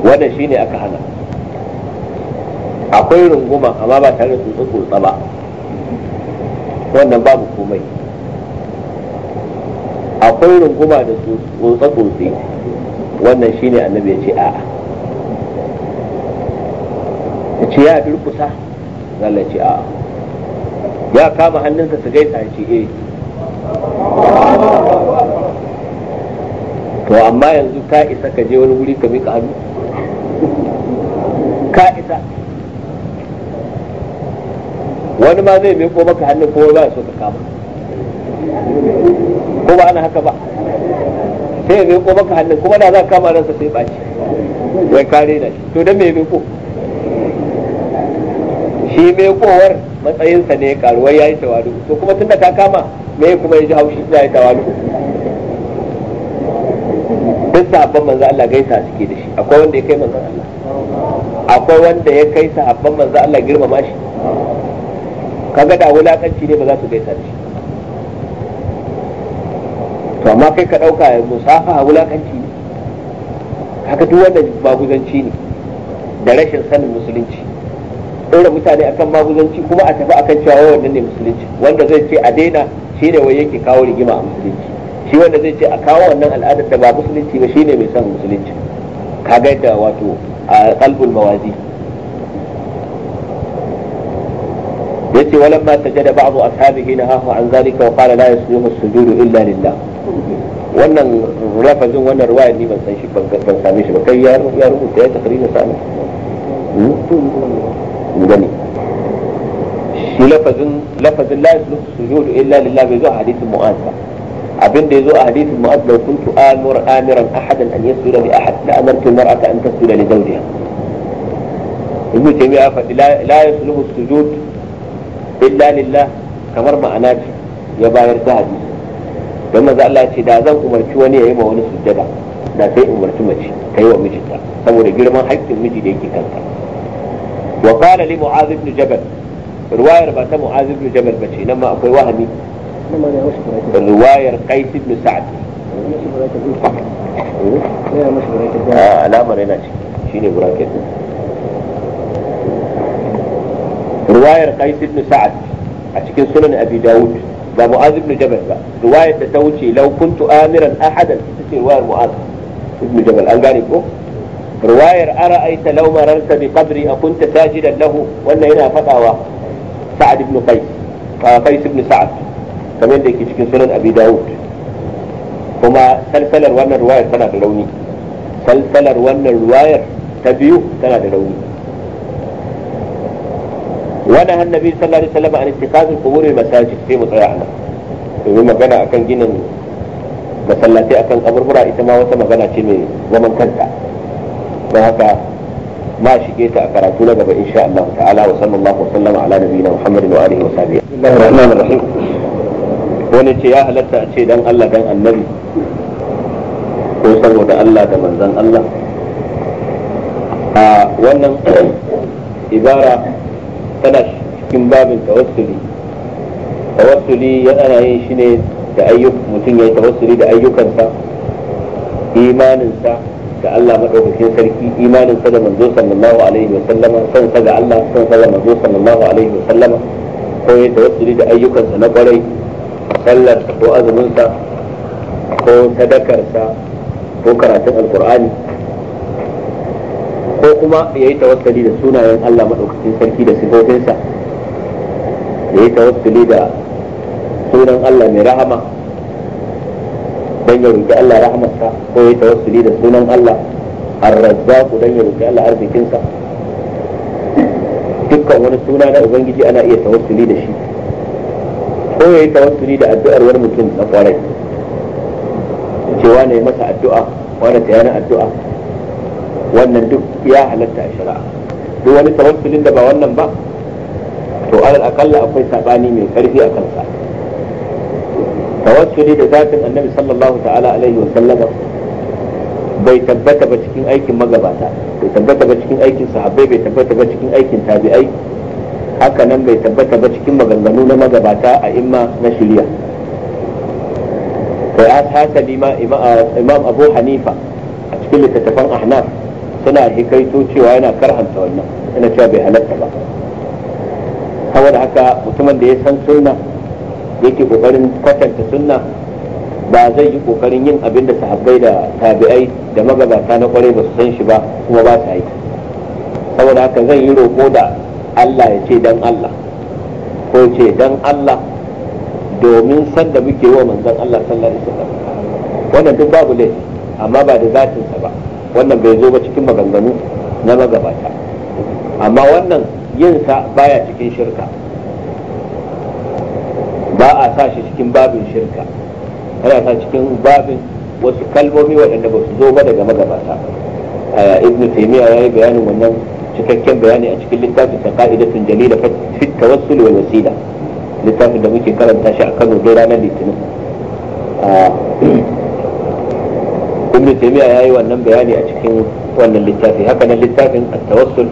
wannan shine aka hana akwai runguma amma ba tare da tsotsa tsotsa ba wannan babu komai akwai runguma da tsotsa tsotsi wannan shine annabi ya ce a'a ya ce ya durkusa zalla ce a'a ya kama hannunsa su gaisa ya ce eh to amma yanzu ka isa ka je wani wuri ka mika hannu ka isa wani ma zai miko maka hannu ko ba so ka kama ko ba ana haka ba sai ya miko maka hannu kuma da za ka kama ransa sai baci wai kare da shi to dan me ko shi kowar matsayinsa ne karuwar ya yi tawadu to kuma tun da ka kama me kuma ya ji haushi ya yi tawadu duk sahabban manzo Allah gaisa suke da shi akwai wanda ya kai manzo Allah akwai wanda ya kai sahabban manzo Allah girmama shi kaga da wulakanci ne ba za su gaisa da shi to amma kai ka dauka ya musafa wulakanci ne kaga duk wanda maguzanci ne da rashin sanin musulunci dora mutane akan maguzanci kuma a tafi akan cewa wannan ne musulunci wanda zai ce a daina shine wai yake kawo rigima a musulunci shi wanda zai ce a kawo wannan al'adar da ba musulunci ba shine mai son musulunci kaga yadda wato a qalbul mawazi yace walamma tajada ba'du ashabihi nahahu an zalika wa qala la yasjudu as-sujudu illa lillah wannan rafazin wannan ruwayar ni ban san shi ban same shi ba kai ya ya rubuta ya takririn sa ne hmm? gani shi lafazin lafazin la yasjudu as-sujudu illa lillah bai zo hadisin mu'az abin da yazo a hadisin mu'az law kuntu amur amiran ahadan an yasjuda li ahad la amartu mar'ata an tasjuda li zawjiha ibnu taymiya fa la yasluhu sujud illa lillah kamar ma'ana ce ya bayar da hadisi don maza Allah ce da zan umarci wani ya yi ma wani sujjada da sai umarci mace ta yi wa mijinta saboda girman haƙƙin miji da yake kanta wa qala li mu'az ibn jabal ruwayar ba ta mu'az ibn jabal bace nan ma akwai wahami رواية قيس بن سعد اه لا مرينا شيني براكت رواية قيس بن سعد اشكن سنن ابي داود ومعاذ بن جبل با. رواية تتوشي لو كنت امرا احدا تتوشي رواية معاذ ابن جبل انقاني رواية ارأيت لو مررت بقبري اكنت ساجدا له وانا هنا فتاوى سعد بن قيس آه، قيس بن سعد kamar da yake cikin sunan abi dawud kuma salsalar wannan ruwayar tana da rauni salsalar wannan ruwayar ta biyu tana da rauni wani annabi sallallahu alaihi wasallam an ittikazul qubur masajid sai mu tsaya nan domin magana akan ginin masallatai akan kaburbura ita ma wata magana ce mai zaman kanta don haka ma shige ta a karatu na gaba insha Allah ta'ala wa sallallahu wa sallama ala nabiyina Muhammadin wa alihi wa sahbihi wani ce ya halatta a ce dan Allah dan annabi ko saboda Allah da manzan Allah a wannan ibara tana cikin babin tawassuli tawassuli yana yin shi ne da ayyukan mutum ya yi tawassuli da ayyukansa imaninsa ga Allah maɗaukakin sarki imaninsa da manzo sallallahu alaihi wa sallama son sa ga Allah son sa ga manzo sallallahu alaihi wa sallama ko ya tawassuli da ayyukansa na kwarai sallar ko azuminsa ko sadakarsa ko karatun alkur'ani ko kuma ya yi tawassali da sunayen Allah maɗaukacin sarki da sifofinsa ya yi tawassali da sunan Allah mai rahama don ya roƙi Allah rahamarsa ko ya yi tawassali da sunan Allah arrazzaku don ya roƙi Allah arzikinsa dukkan wani suna na Ubangiji ana iya tawassuli da shi ko ya yi tawassuli da addu'ar wani mutum na kwarai cewa ne masa addu'a wani yana addu'a wannan duk ya halatta a shari'a duk wani tawassulin da ba wannan ba to alal akalla akwai sabani mai karfi a kansa tawassuli da zatin annabi sallallahu ta'ala alaihi wa sallama bai tabbata ba cikin aikin magabata bai tabbata ba cikin aikin sahabbai bai tabbata ba cikin aikin tabi'ai haka nan bai tabbata ba cikin maganganu na magabata a imma na shirya to ya hasali ma imam abu hanifa a cikin littattafan ahnaf suna hikaito cewa yana karhanta wannan yana cewa bai halatta ba da haka mutumin da ya san sunna yake kokarin kwatanta sunna ba zai yi kokarin yin abin da sahabbai da tabi'ai da magabata na kwarai ba su san shi ba kuma ba su aiki saboda haka zai yi roƙo da Allah ya ce dan Allah ko ce dan Allah domin sanda muke wa manzon Allah sallallahu alaihi wasallam wannan duk babu laifi amma ba da zatinsa ba wannan bai zo ba cikin maganganu na magabata amma wannan yin sa baya cikin shirka ba a sa shi cikin babin shirka ana sa cikin babin wasu kalmomi waɗanda ba su zo ba daga magabata ibnu taymiya ya yi bayanin wannan cikakken bayani a cikin littafin sa ka'idatun jalila fi tawassul wal wasila littafin da muke karanta shi a Kano don ranar Litinin ibn ya yi wannan bayani a cikin wannan littafi haka nan littafin at-tawassul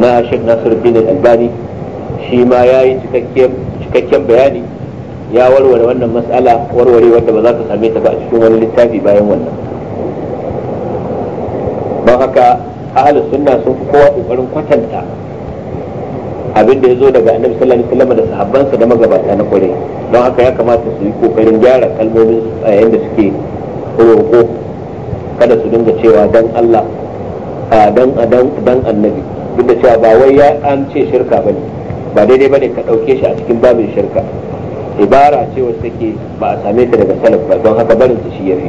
na Sheikh Nasiruddin bin albani shi ma yayi cikakken cikakken bayani ya warware wannan matsala warware wanda ba za ka same ta ba a cikin wani littafi bayan wannan don haka ahalus sunna sun fi kowa kokarin kwatanta abin da ya zo daga annabi sallallahu alaihi wasallam da sahabbansa da magabata na kwarai don haka ya kamata su yi kokarin gyara kalmomin su a da suke roƙo kada su dinga cewa dan Allah dan dan dan annabi duk da cewa ba wai ya an ce shirka bane ba daidai bane ka dauke shi a cikin babin shirka ibara ce wacce take ba a same ta daga salaf ba don haka barin ta shi yafi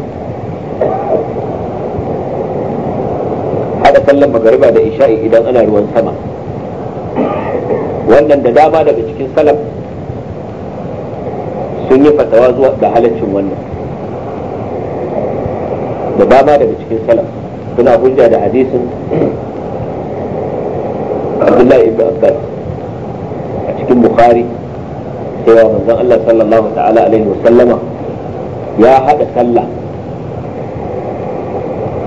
hada sallar magariba da isha'i idan ana ruwan sama wannan da dama daga cikin salaf sun yi fatawa zuwa da halaccin wannan da dama daga cikin salaf suna hujja da hadisin abdullahi ibn abbas a cikin bukhari cewa manzon Allah sallallahu ta'ala alaihi wa sallama ya hada sallah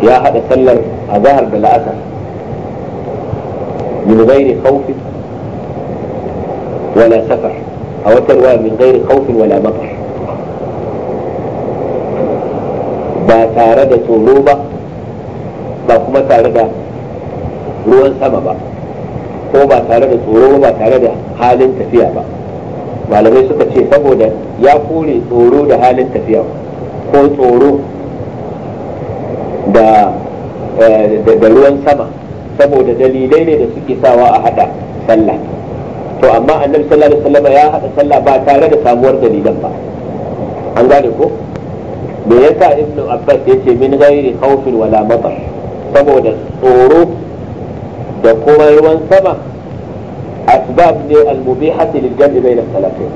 ya hada sallar أظهر بالأسف من غير خوف ولا سفر أو تروى من غير خوف ولا مطر با تارد تولوبة با كما تارد روان سما با هو با تارد تولوبة با تارد حال تفيا با ما لم يسوك شيء فقودا يقول تولو ده حال تفيا با هو تولو ده Eh, da ruwan sama saboda dalilai ne da suke sawa a hada sallah to amma annabi sallallahu alaihi wasallam ya hada sallah ba tare da samuwar dalilan ba an gane ko me yasa ibnu abbas yace min ghairi khawfin wala matar saboda tsoro da kuma ruwan sama asbab ne al-mubihati lil jam'i bayna salatain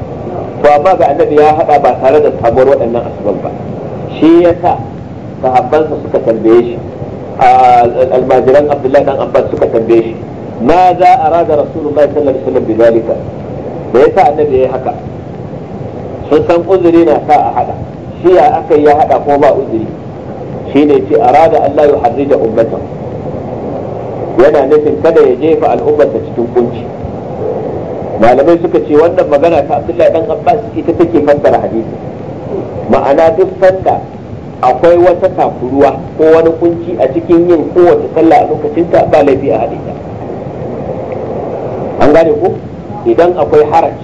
to amma ga annabi ya hada ba tare da samuwar waɗannan asbab ba shi yasa sahabbansa suka tambaye shi almajiran abdullahi dan abbas suka tambaye shi ma za a rada rasulullahi sallallahu alaihi wasallam bidalika da yasa annabi yayi haka sun san uzuri na sa a hada shi ya aka yi ya hada ko ba uzuri shine ce arada Allah ya harrija ummatan yana nufin kada ya jefa al'ummarsa cikin kunci malamai suka ce wannan magana ta abdullahi dan abbas ita take fassara hadisi ma'ana duk sanda akwai wata takuruwa ko wani kunci a cikin yin kowace sallah a lokacinta ba laifi a hadita an gane ko idan akwai haraj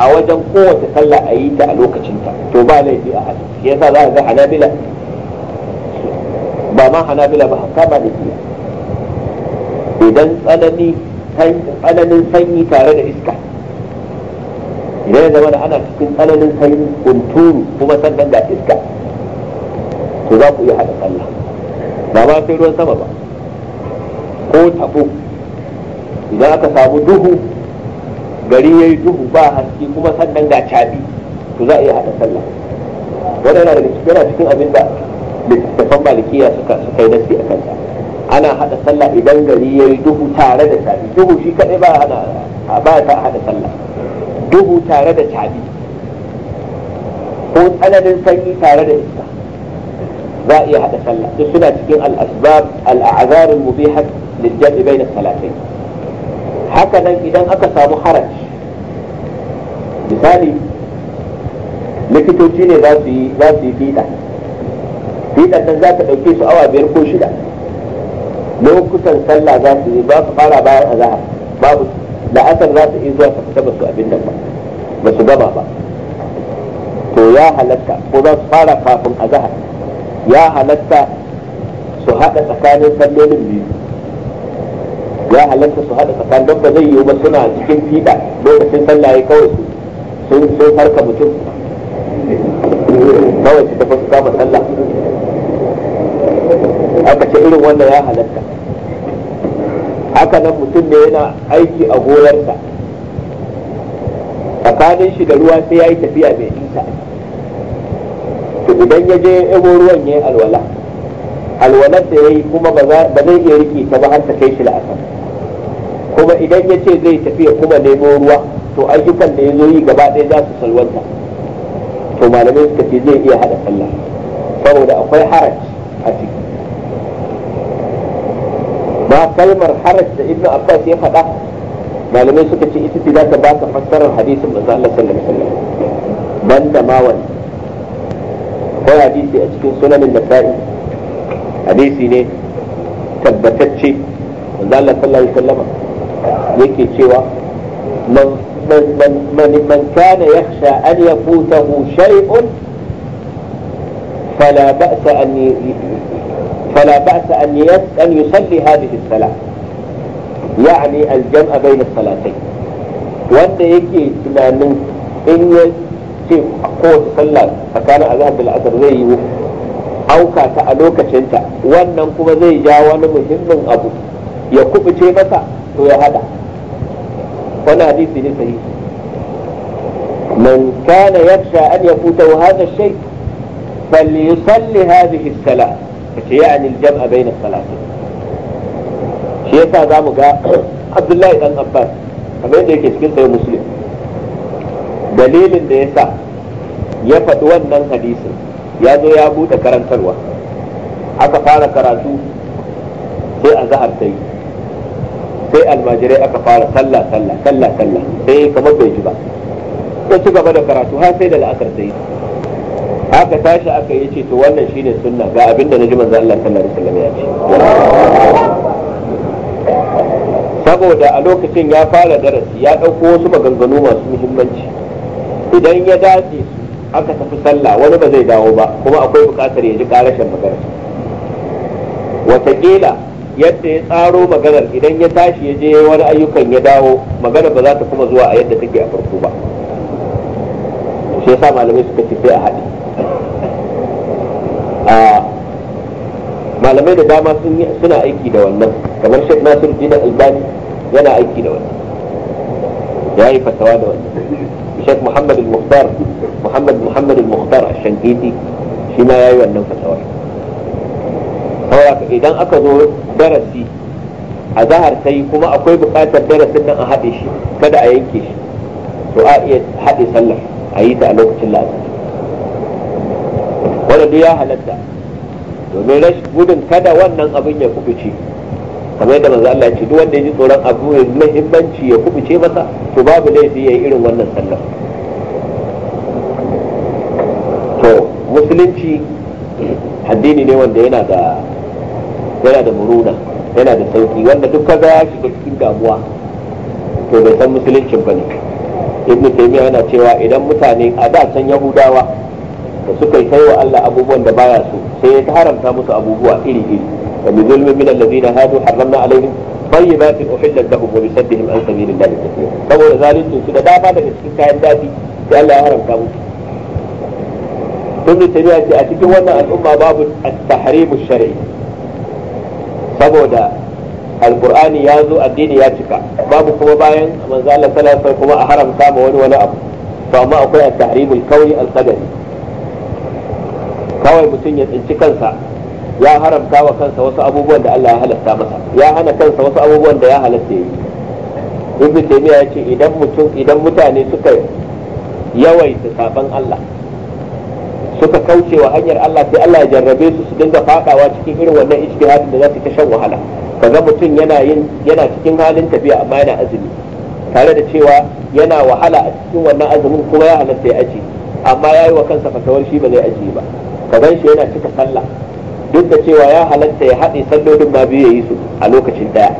a wajen kowace sallah a yi ta a lokacinta to ba laifi a hadita shi yasa za a ga hanabila ba ma hanabila ba haka ba laifi idan tsananin sanyi tare da iska idan ya zama da ana cikin tsananin sanyi kunturu kuma sannan ga iska to za ku iya haɗa sallah ba ma sai ruwan sama ba ko tabo idan aka samu duhu gari ya yi duhu ba haske kuma sannan ga cabi to za a iya haɗa sallah wannan yana cikin abin da littattafan malikiya suka yi nasi a kanta, ana haɗa sallah idan gari ya yi duhu tare da cabi duhu shi kaɗai ba hana ta haɗa sallah duhu tare da cabi ko tsananin sanyi tare da iska za a iya haɗa sallah duk suna cikin al-asbab al-a'zar al-mubiha lil-jam'i bayna salatain haka nan idan aka samu haraj misali likitoci ne za su yi za su yi fiɗa fiɗan nan za ta ɗauke su awa biyar ko shida lokutan sallah za su yi ba su fara bayan azahar babu la'asar za su yi zuwa ta fita ba su abin nan ba ba su gama ba to ya halatta ko za su fara kafin azahar ya halatta su haɗa tsakanin sallolin biyu ya halatta su haɗa tsakanin don ba zai yiwu ba suna cikin fiɗa lokacin sallah ya kawai sun sun farka mutum kawai su tafi su kama sallah aka ce irin wanda ya halatta haka nan mutum ne yana aiki a gorarsa tsakanin shi da ruwa sai ya yi tafiya mai nisa idan ya je ego ruwan ya yi alwala alwalar da ya yi kuma ba zai iya riƙe ta ba har ta kai shi la'asar kuma idan ya ce zai tafiya kuma nemo ruwa to ayyukan da ya zo yi gaba ɗaya za su salwanta to malamai suka ce zai iya haɗa sallah saboda akwai haraj a ciki ba kalmar haraj da ibnu abbas ya faɗa malamai suka ce ita ce za ta ba ka fassarar hadisin manzo Allah sallallahu alaihi wasallam banda ma wani akwai hadisi a cikin sunanin nasa'i hadisi ne tabbatacce wanda Allah sallallahu alaihi wasallam yake cewa man man man man kana yakhsha an yafutahu shay'un fala ba'sa an فلا بأس أن أن يصلي هذه الصلاة يعني الجمع بين الصلاتين وأنت يكي تنانين إن ce a kowace tsakanin azhar la'asar zai yi auka ta a ta wannan kuma zai ja wani muhimmin abu ya kubuce masa to ya hada wani hadisi ne sahihi man kana yaksha an yafuta hadha shay فليصلي هذه الصلاة يعني الجمع بين الصلاتين shi yasa za mu ga abdullahi dan abbas kama yadda yake cikin sayi muslim dalilin da ya sa ya faɗi wannan hadisin ya zo ya buɗe karantarwa aka fara karatu sai a zahar ta yi sai almajirai aka fara sallah sallah sallah sallah sai kamar bai ji ba sai ci gaba da karatu har sai da la'asar ta yi haka tashi aka yi ce to wannan shine sunna ga abin da ji manzo Allah sallallahu alaihi wasallam ya ce saboda a lokacin ya fara darasi ya dauko wasu maganganu masu muhimmanci idan ya dace su aka tafi sallah wani ba zai dawo ba kuma akwai bukatar ya ji karashin magana watakila yadda ya tsaro maganar idan ya tashi ya je wani ayyukan ya dawo magana ba za ta kuma zuwa a yadda take a farko ba shi yasa malamai suka ce a haɗe malamai da dama suna aiki da wannan kamar shek nasiru dinar albani yana aiki da wannan ya yi fatawa da wannan الشيخ محمد المختار محمد محمد المختار الشنقيطي شما ياي wannan fatawa saboda idan aka zo darasi a zahar sai kuma akwai buƙatar darasin nan a haɗe shi kada a yanke shi to a iya haɗe sallar a yi ta a lokacin la'asar wanda duk ya halatta domin rashin gudun kada wannan abin ya kubuce kamar yadda manzo Allah ya ce duk wanda ya ji tsoron abu ya muhimmanci ya kubuce masa to babu laifi yayi irin wannan sallar to musulunci addini ne wanda yana da yana da muruna yana da sauki wanda duk kaga ya shiga cikin damuwa to bai san musuluncin bane ibnu taymiya yana cewa idan mutane a da san yahudawa da suka yi wa Allah abubuwan da baya so sai ya haramta musu abubuwa iri iri فبظلم من الذين هادوا حرمنا عليهم طيبات احلت لهم وبصدهم عن سبيل الله كثيرا saboda zalunci su da dama daga cikin kayan daɗi da Allah ya haramta musu ibn tabi'a ce a cikin wannan al'umma babu at-tahrim shar'i saboda alqur'ani ya zo addini ya cika babu kuma bayan manzo Allah sallallahu alaihi kuma a haramta ma wani wani abu to amma akwai at-tahrim al-kauni al-qadari kawai mutum ya tsinci kansa ya haramta wa kansa wasu abubuwan da Allah ya halatta masa ya hana kansa wasu abubuwan da ya halatta yi ibnu taymiya yace idan mutum idan mutane suka yawaita saban Allah suka kauce wa hanyar Allah sai Allah ya jarrabe su su dinga fadawa cikin irin wannan ijtihadin da za su ta shan wahala kaga mutum yana yin yana cikin halin tafiya amma yana azumi tare da cewa yana wahala a cikin wannan azumin kuma ya halatta ya aji amma yayi wa kansa fatawar shi ba zai aji ba kagan shi yana cika sallah duk da cewa ya halatta ya haɗe sallolin ma biyu ya yi su a lokacin daya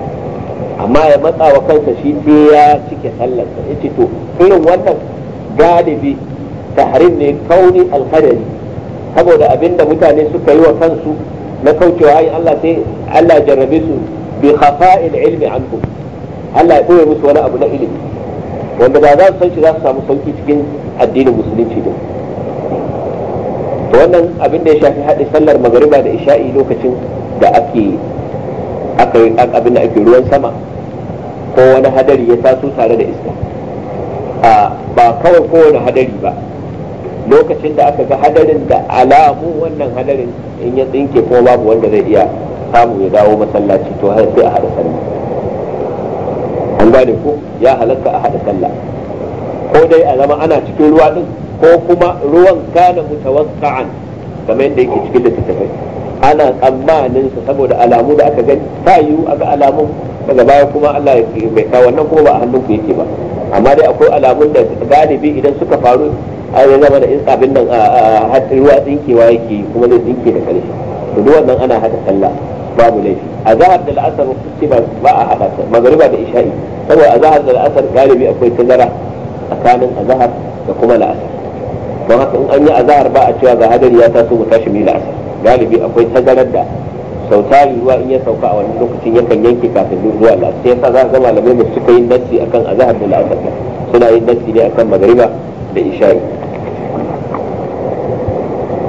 amma ya matsa wa kansa shi ne ya cike sallarsa ya ce to irin wannan galibi tahrim ne kauni alhadari saboda abinda mutane suka yi wa kansu na kaucewa ai Allah sai Allah jarrabe su bi khafa'il ilmi ankum Allah ya koya musu wani abu na ilimi wanda ba za su san shi za su samu sauki cikin addinin musulunci din to wannan abin da ya shafi haɗe sallar magariba da isha'i lokacin da ake abin da ake ruwan sama ko wani hadari ya taso tare da iska ba kawai kowane hadari ba lokacin da aka ga hadarin da alamu wannan hadarin in ya tsinke ko babu wanda zai iya samu ya dawo masallaci to har sai a haɗa sallah an gane ko ya halatta a haɗa sallah ko dai a zama ana cikin ruwa din ko kuma ruwan kana mutawakka'an kamar yadda yake cikin littattafai ana tsammanin sa saboda alamu da aka gani ta yiwu aka alamun daga baya kuma Allah ya mai kawo wannan kuma ba a hannun ku yake ba amma dai akwai alamun da galibi idan suka faru a ya zama da abin nan a hatin ruwa tsinkewa yake kuma zai tsinke da karshe to duk wannan ana hada sallah babu laifi a zahar da la'asar ce ba a hada magariba da isha'i saboda a zahar da la'asar galibi akwai tazara tsakanin a zahar da kuma la'asar don haka in an yi azahar ba a cewa ga hadari ya taso mu tashi mila asa galibi akwai tagarar da sau tari ruwa in ya sauka a wani lokacin yakan yanke kafin ruwa la'asar sai yasa za ga malamai mu suka yi nasi akan azahar da la'asar suna yin nasi ne akan magariba da isha'i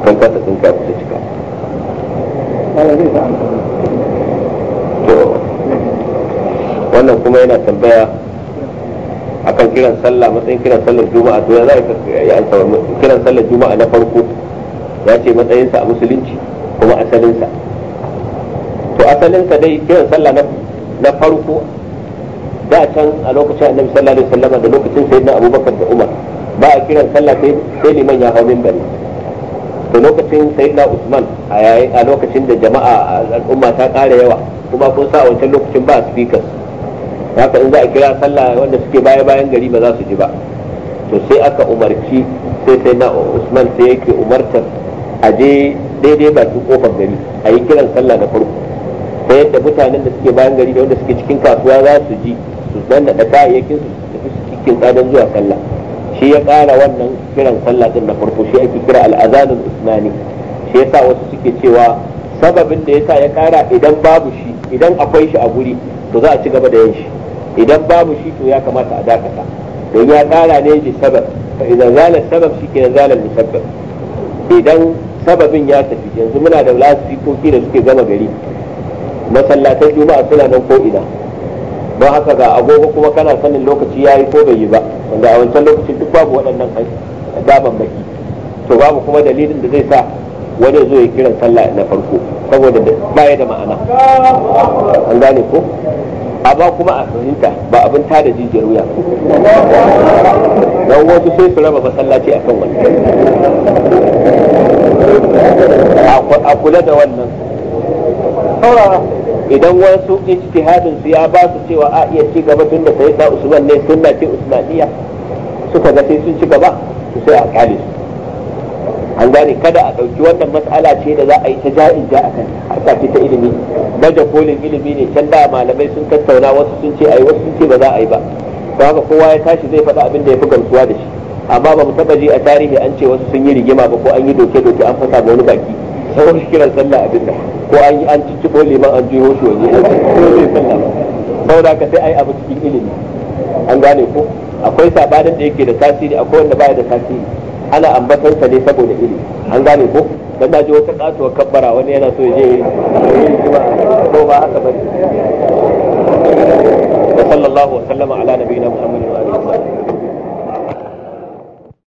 kan kasa sun su cika wannan kuma yana tambaya akan kiran sallah matsayin kiran sallar juma'a to ya za ya ansa kiran sallar juma'a na farko ya ce matsayinsa a musulunci kuma asalinsa to asalinsa dai kiran sallah na farko da can a lokacin annabi sallallahu alaihi wasallam da lokacin sayyidina abubakar da umar ba a kiran sallah sai liman ya hau minbari to lokacin sayyidina usman a lokacin da jama'a al'umma ta kare yawa kuma kun sa wancan lokacin ba speakers haka in za a kira sallah wanda suke baya bayan gari ba za su ji ba to sai aka umarci sai sai na usman sai yake umartar a je daidai bakin kofar gari a yi kiran sallah na farko ta yadda mutanen da suke bayan gari da wanda suke cikin kasuwa za su ji su zan da kayayyakin su tafi su cikin tsadan zuwa sallah shi ya kara wannan kiran sallah din na farko shi ake kira al'azanin usmani shi yasa wasu suke cewa sababin da yasa ya kara idan babu shi idan akwai shi a guri to za a ci gaba da yin idan babu shi to ya kamata a dakata don ya kara ne bi sabab idan zala sabab shikenan zala musabbab idan sababin ya tafi yanzu muna da lasifikoki da suke gama gari masallatan juma'a suna nan ko ina don haka ga agogo kuma kana sanin lokaci yi ko bai yi ba wanda a wancan lokacin duk babu waɗannan daban baki to babu kuma dalilin da zai sa wani zo ya kiran sallah na farko saboda baya da ma'ana an gane ko amma kuma a fahimta ba abin ta da jijiyar wuya don wasu sai su raba masallaci kan wannan a kula da wannan idan wasu ijtihadin su ya ba su cewa a iya ci gaba tun da sai ta usman ne sunna ce usmaniya suka ga sai sun ci gaba su sai a kalisu an gane kada a ɗauki wannan matsala ce da za a yi ta ja'in ja a kan harka ce ta ilimi baje kolin ilimi ne can da malamai sun tattauna wasu sun ce ayi wasu sun ce ba za a yi ba to haka kowa ya tashi zai faɗa abin da ya fi gamsuwa da shi amma ba mu taɓa ji a tarihi an ce wasu sun yi rigima ba ko an yi doke doke an fasa ga wani baki sai wani kiran sallah abin da ko an yi an cici ko liman an juyo shi waje ko zai sallah ba saboda haka sai ai abu cikin ilimi an gane ko akwai sabanin da yake da tasiri akwai wanda baya da tasiri ana ambatan sa ne saboda ilimi an gane ko dan da ji wata katuwar kabbara wani yana so ya je ko ba haka bane sallallahu sallallahu wa sallama ala nabiyina muhammadin wa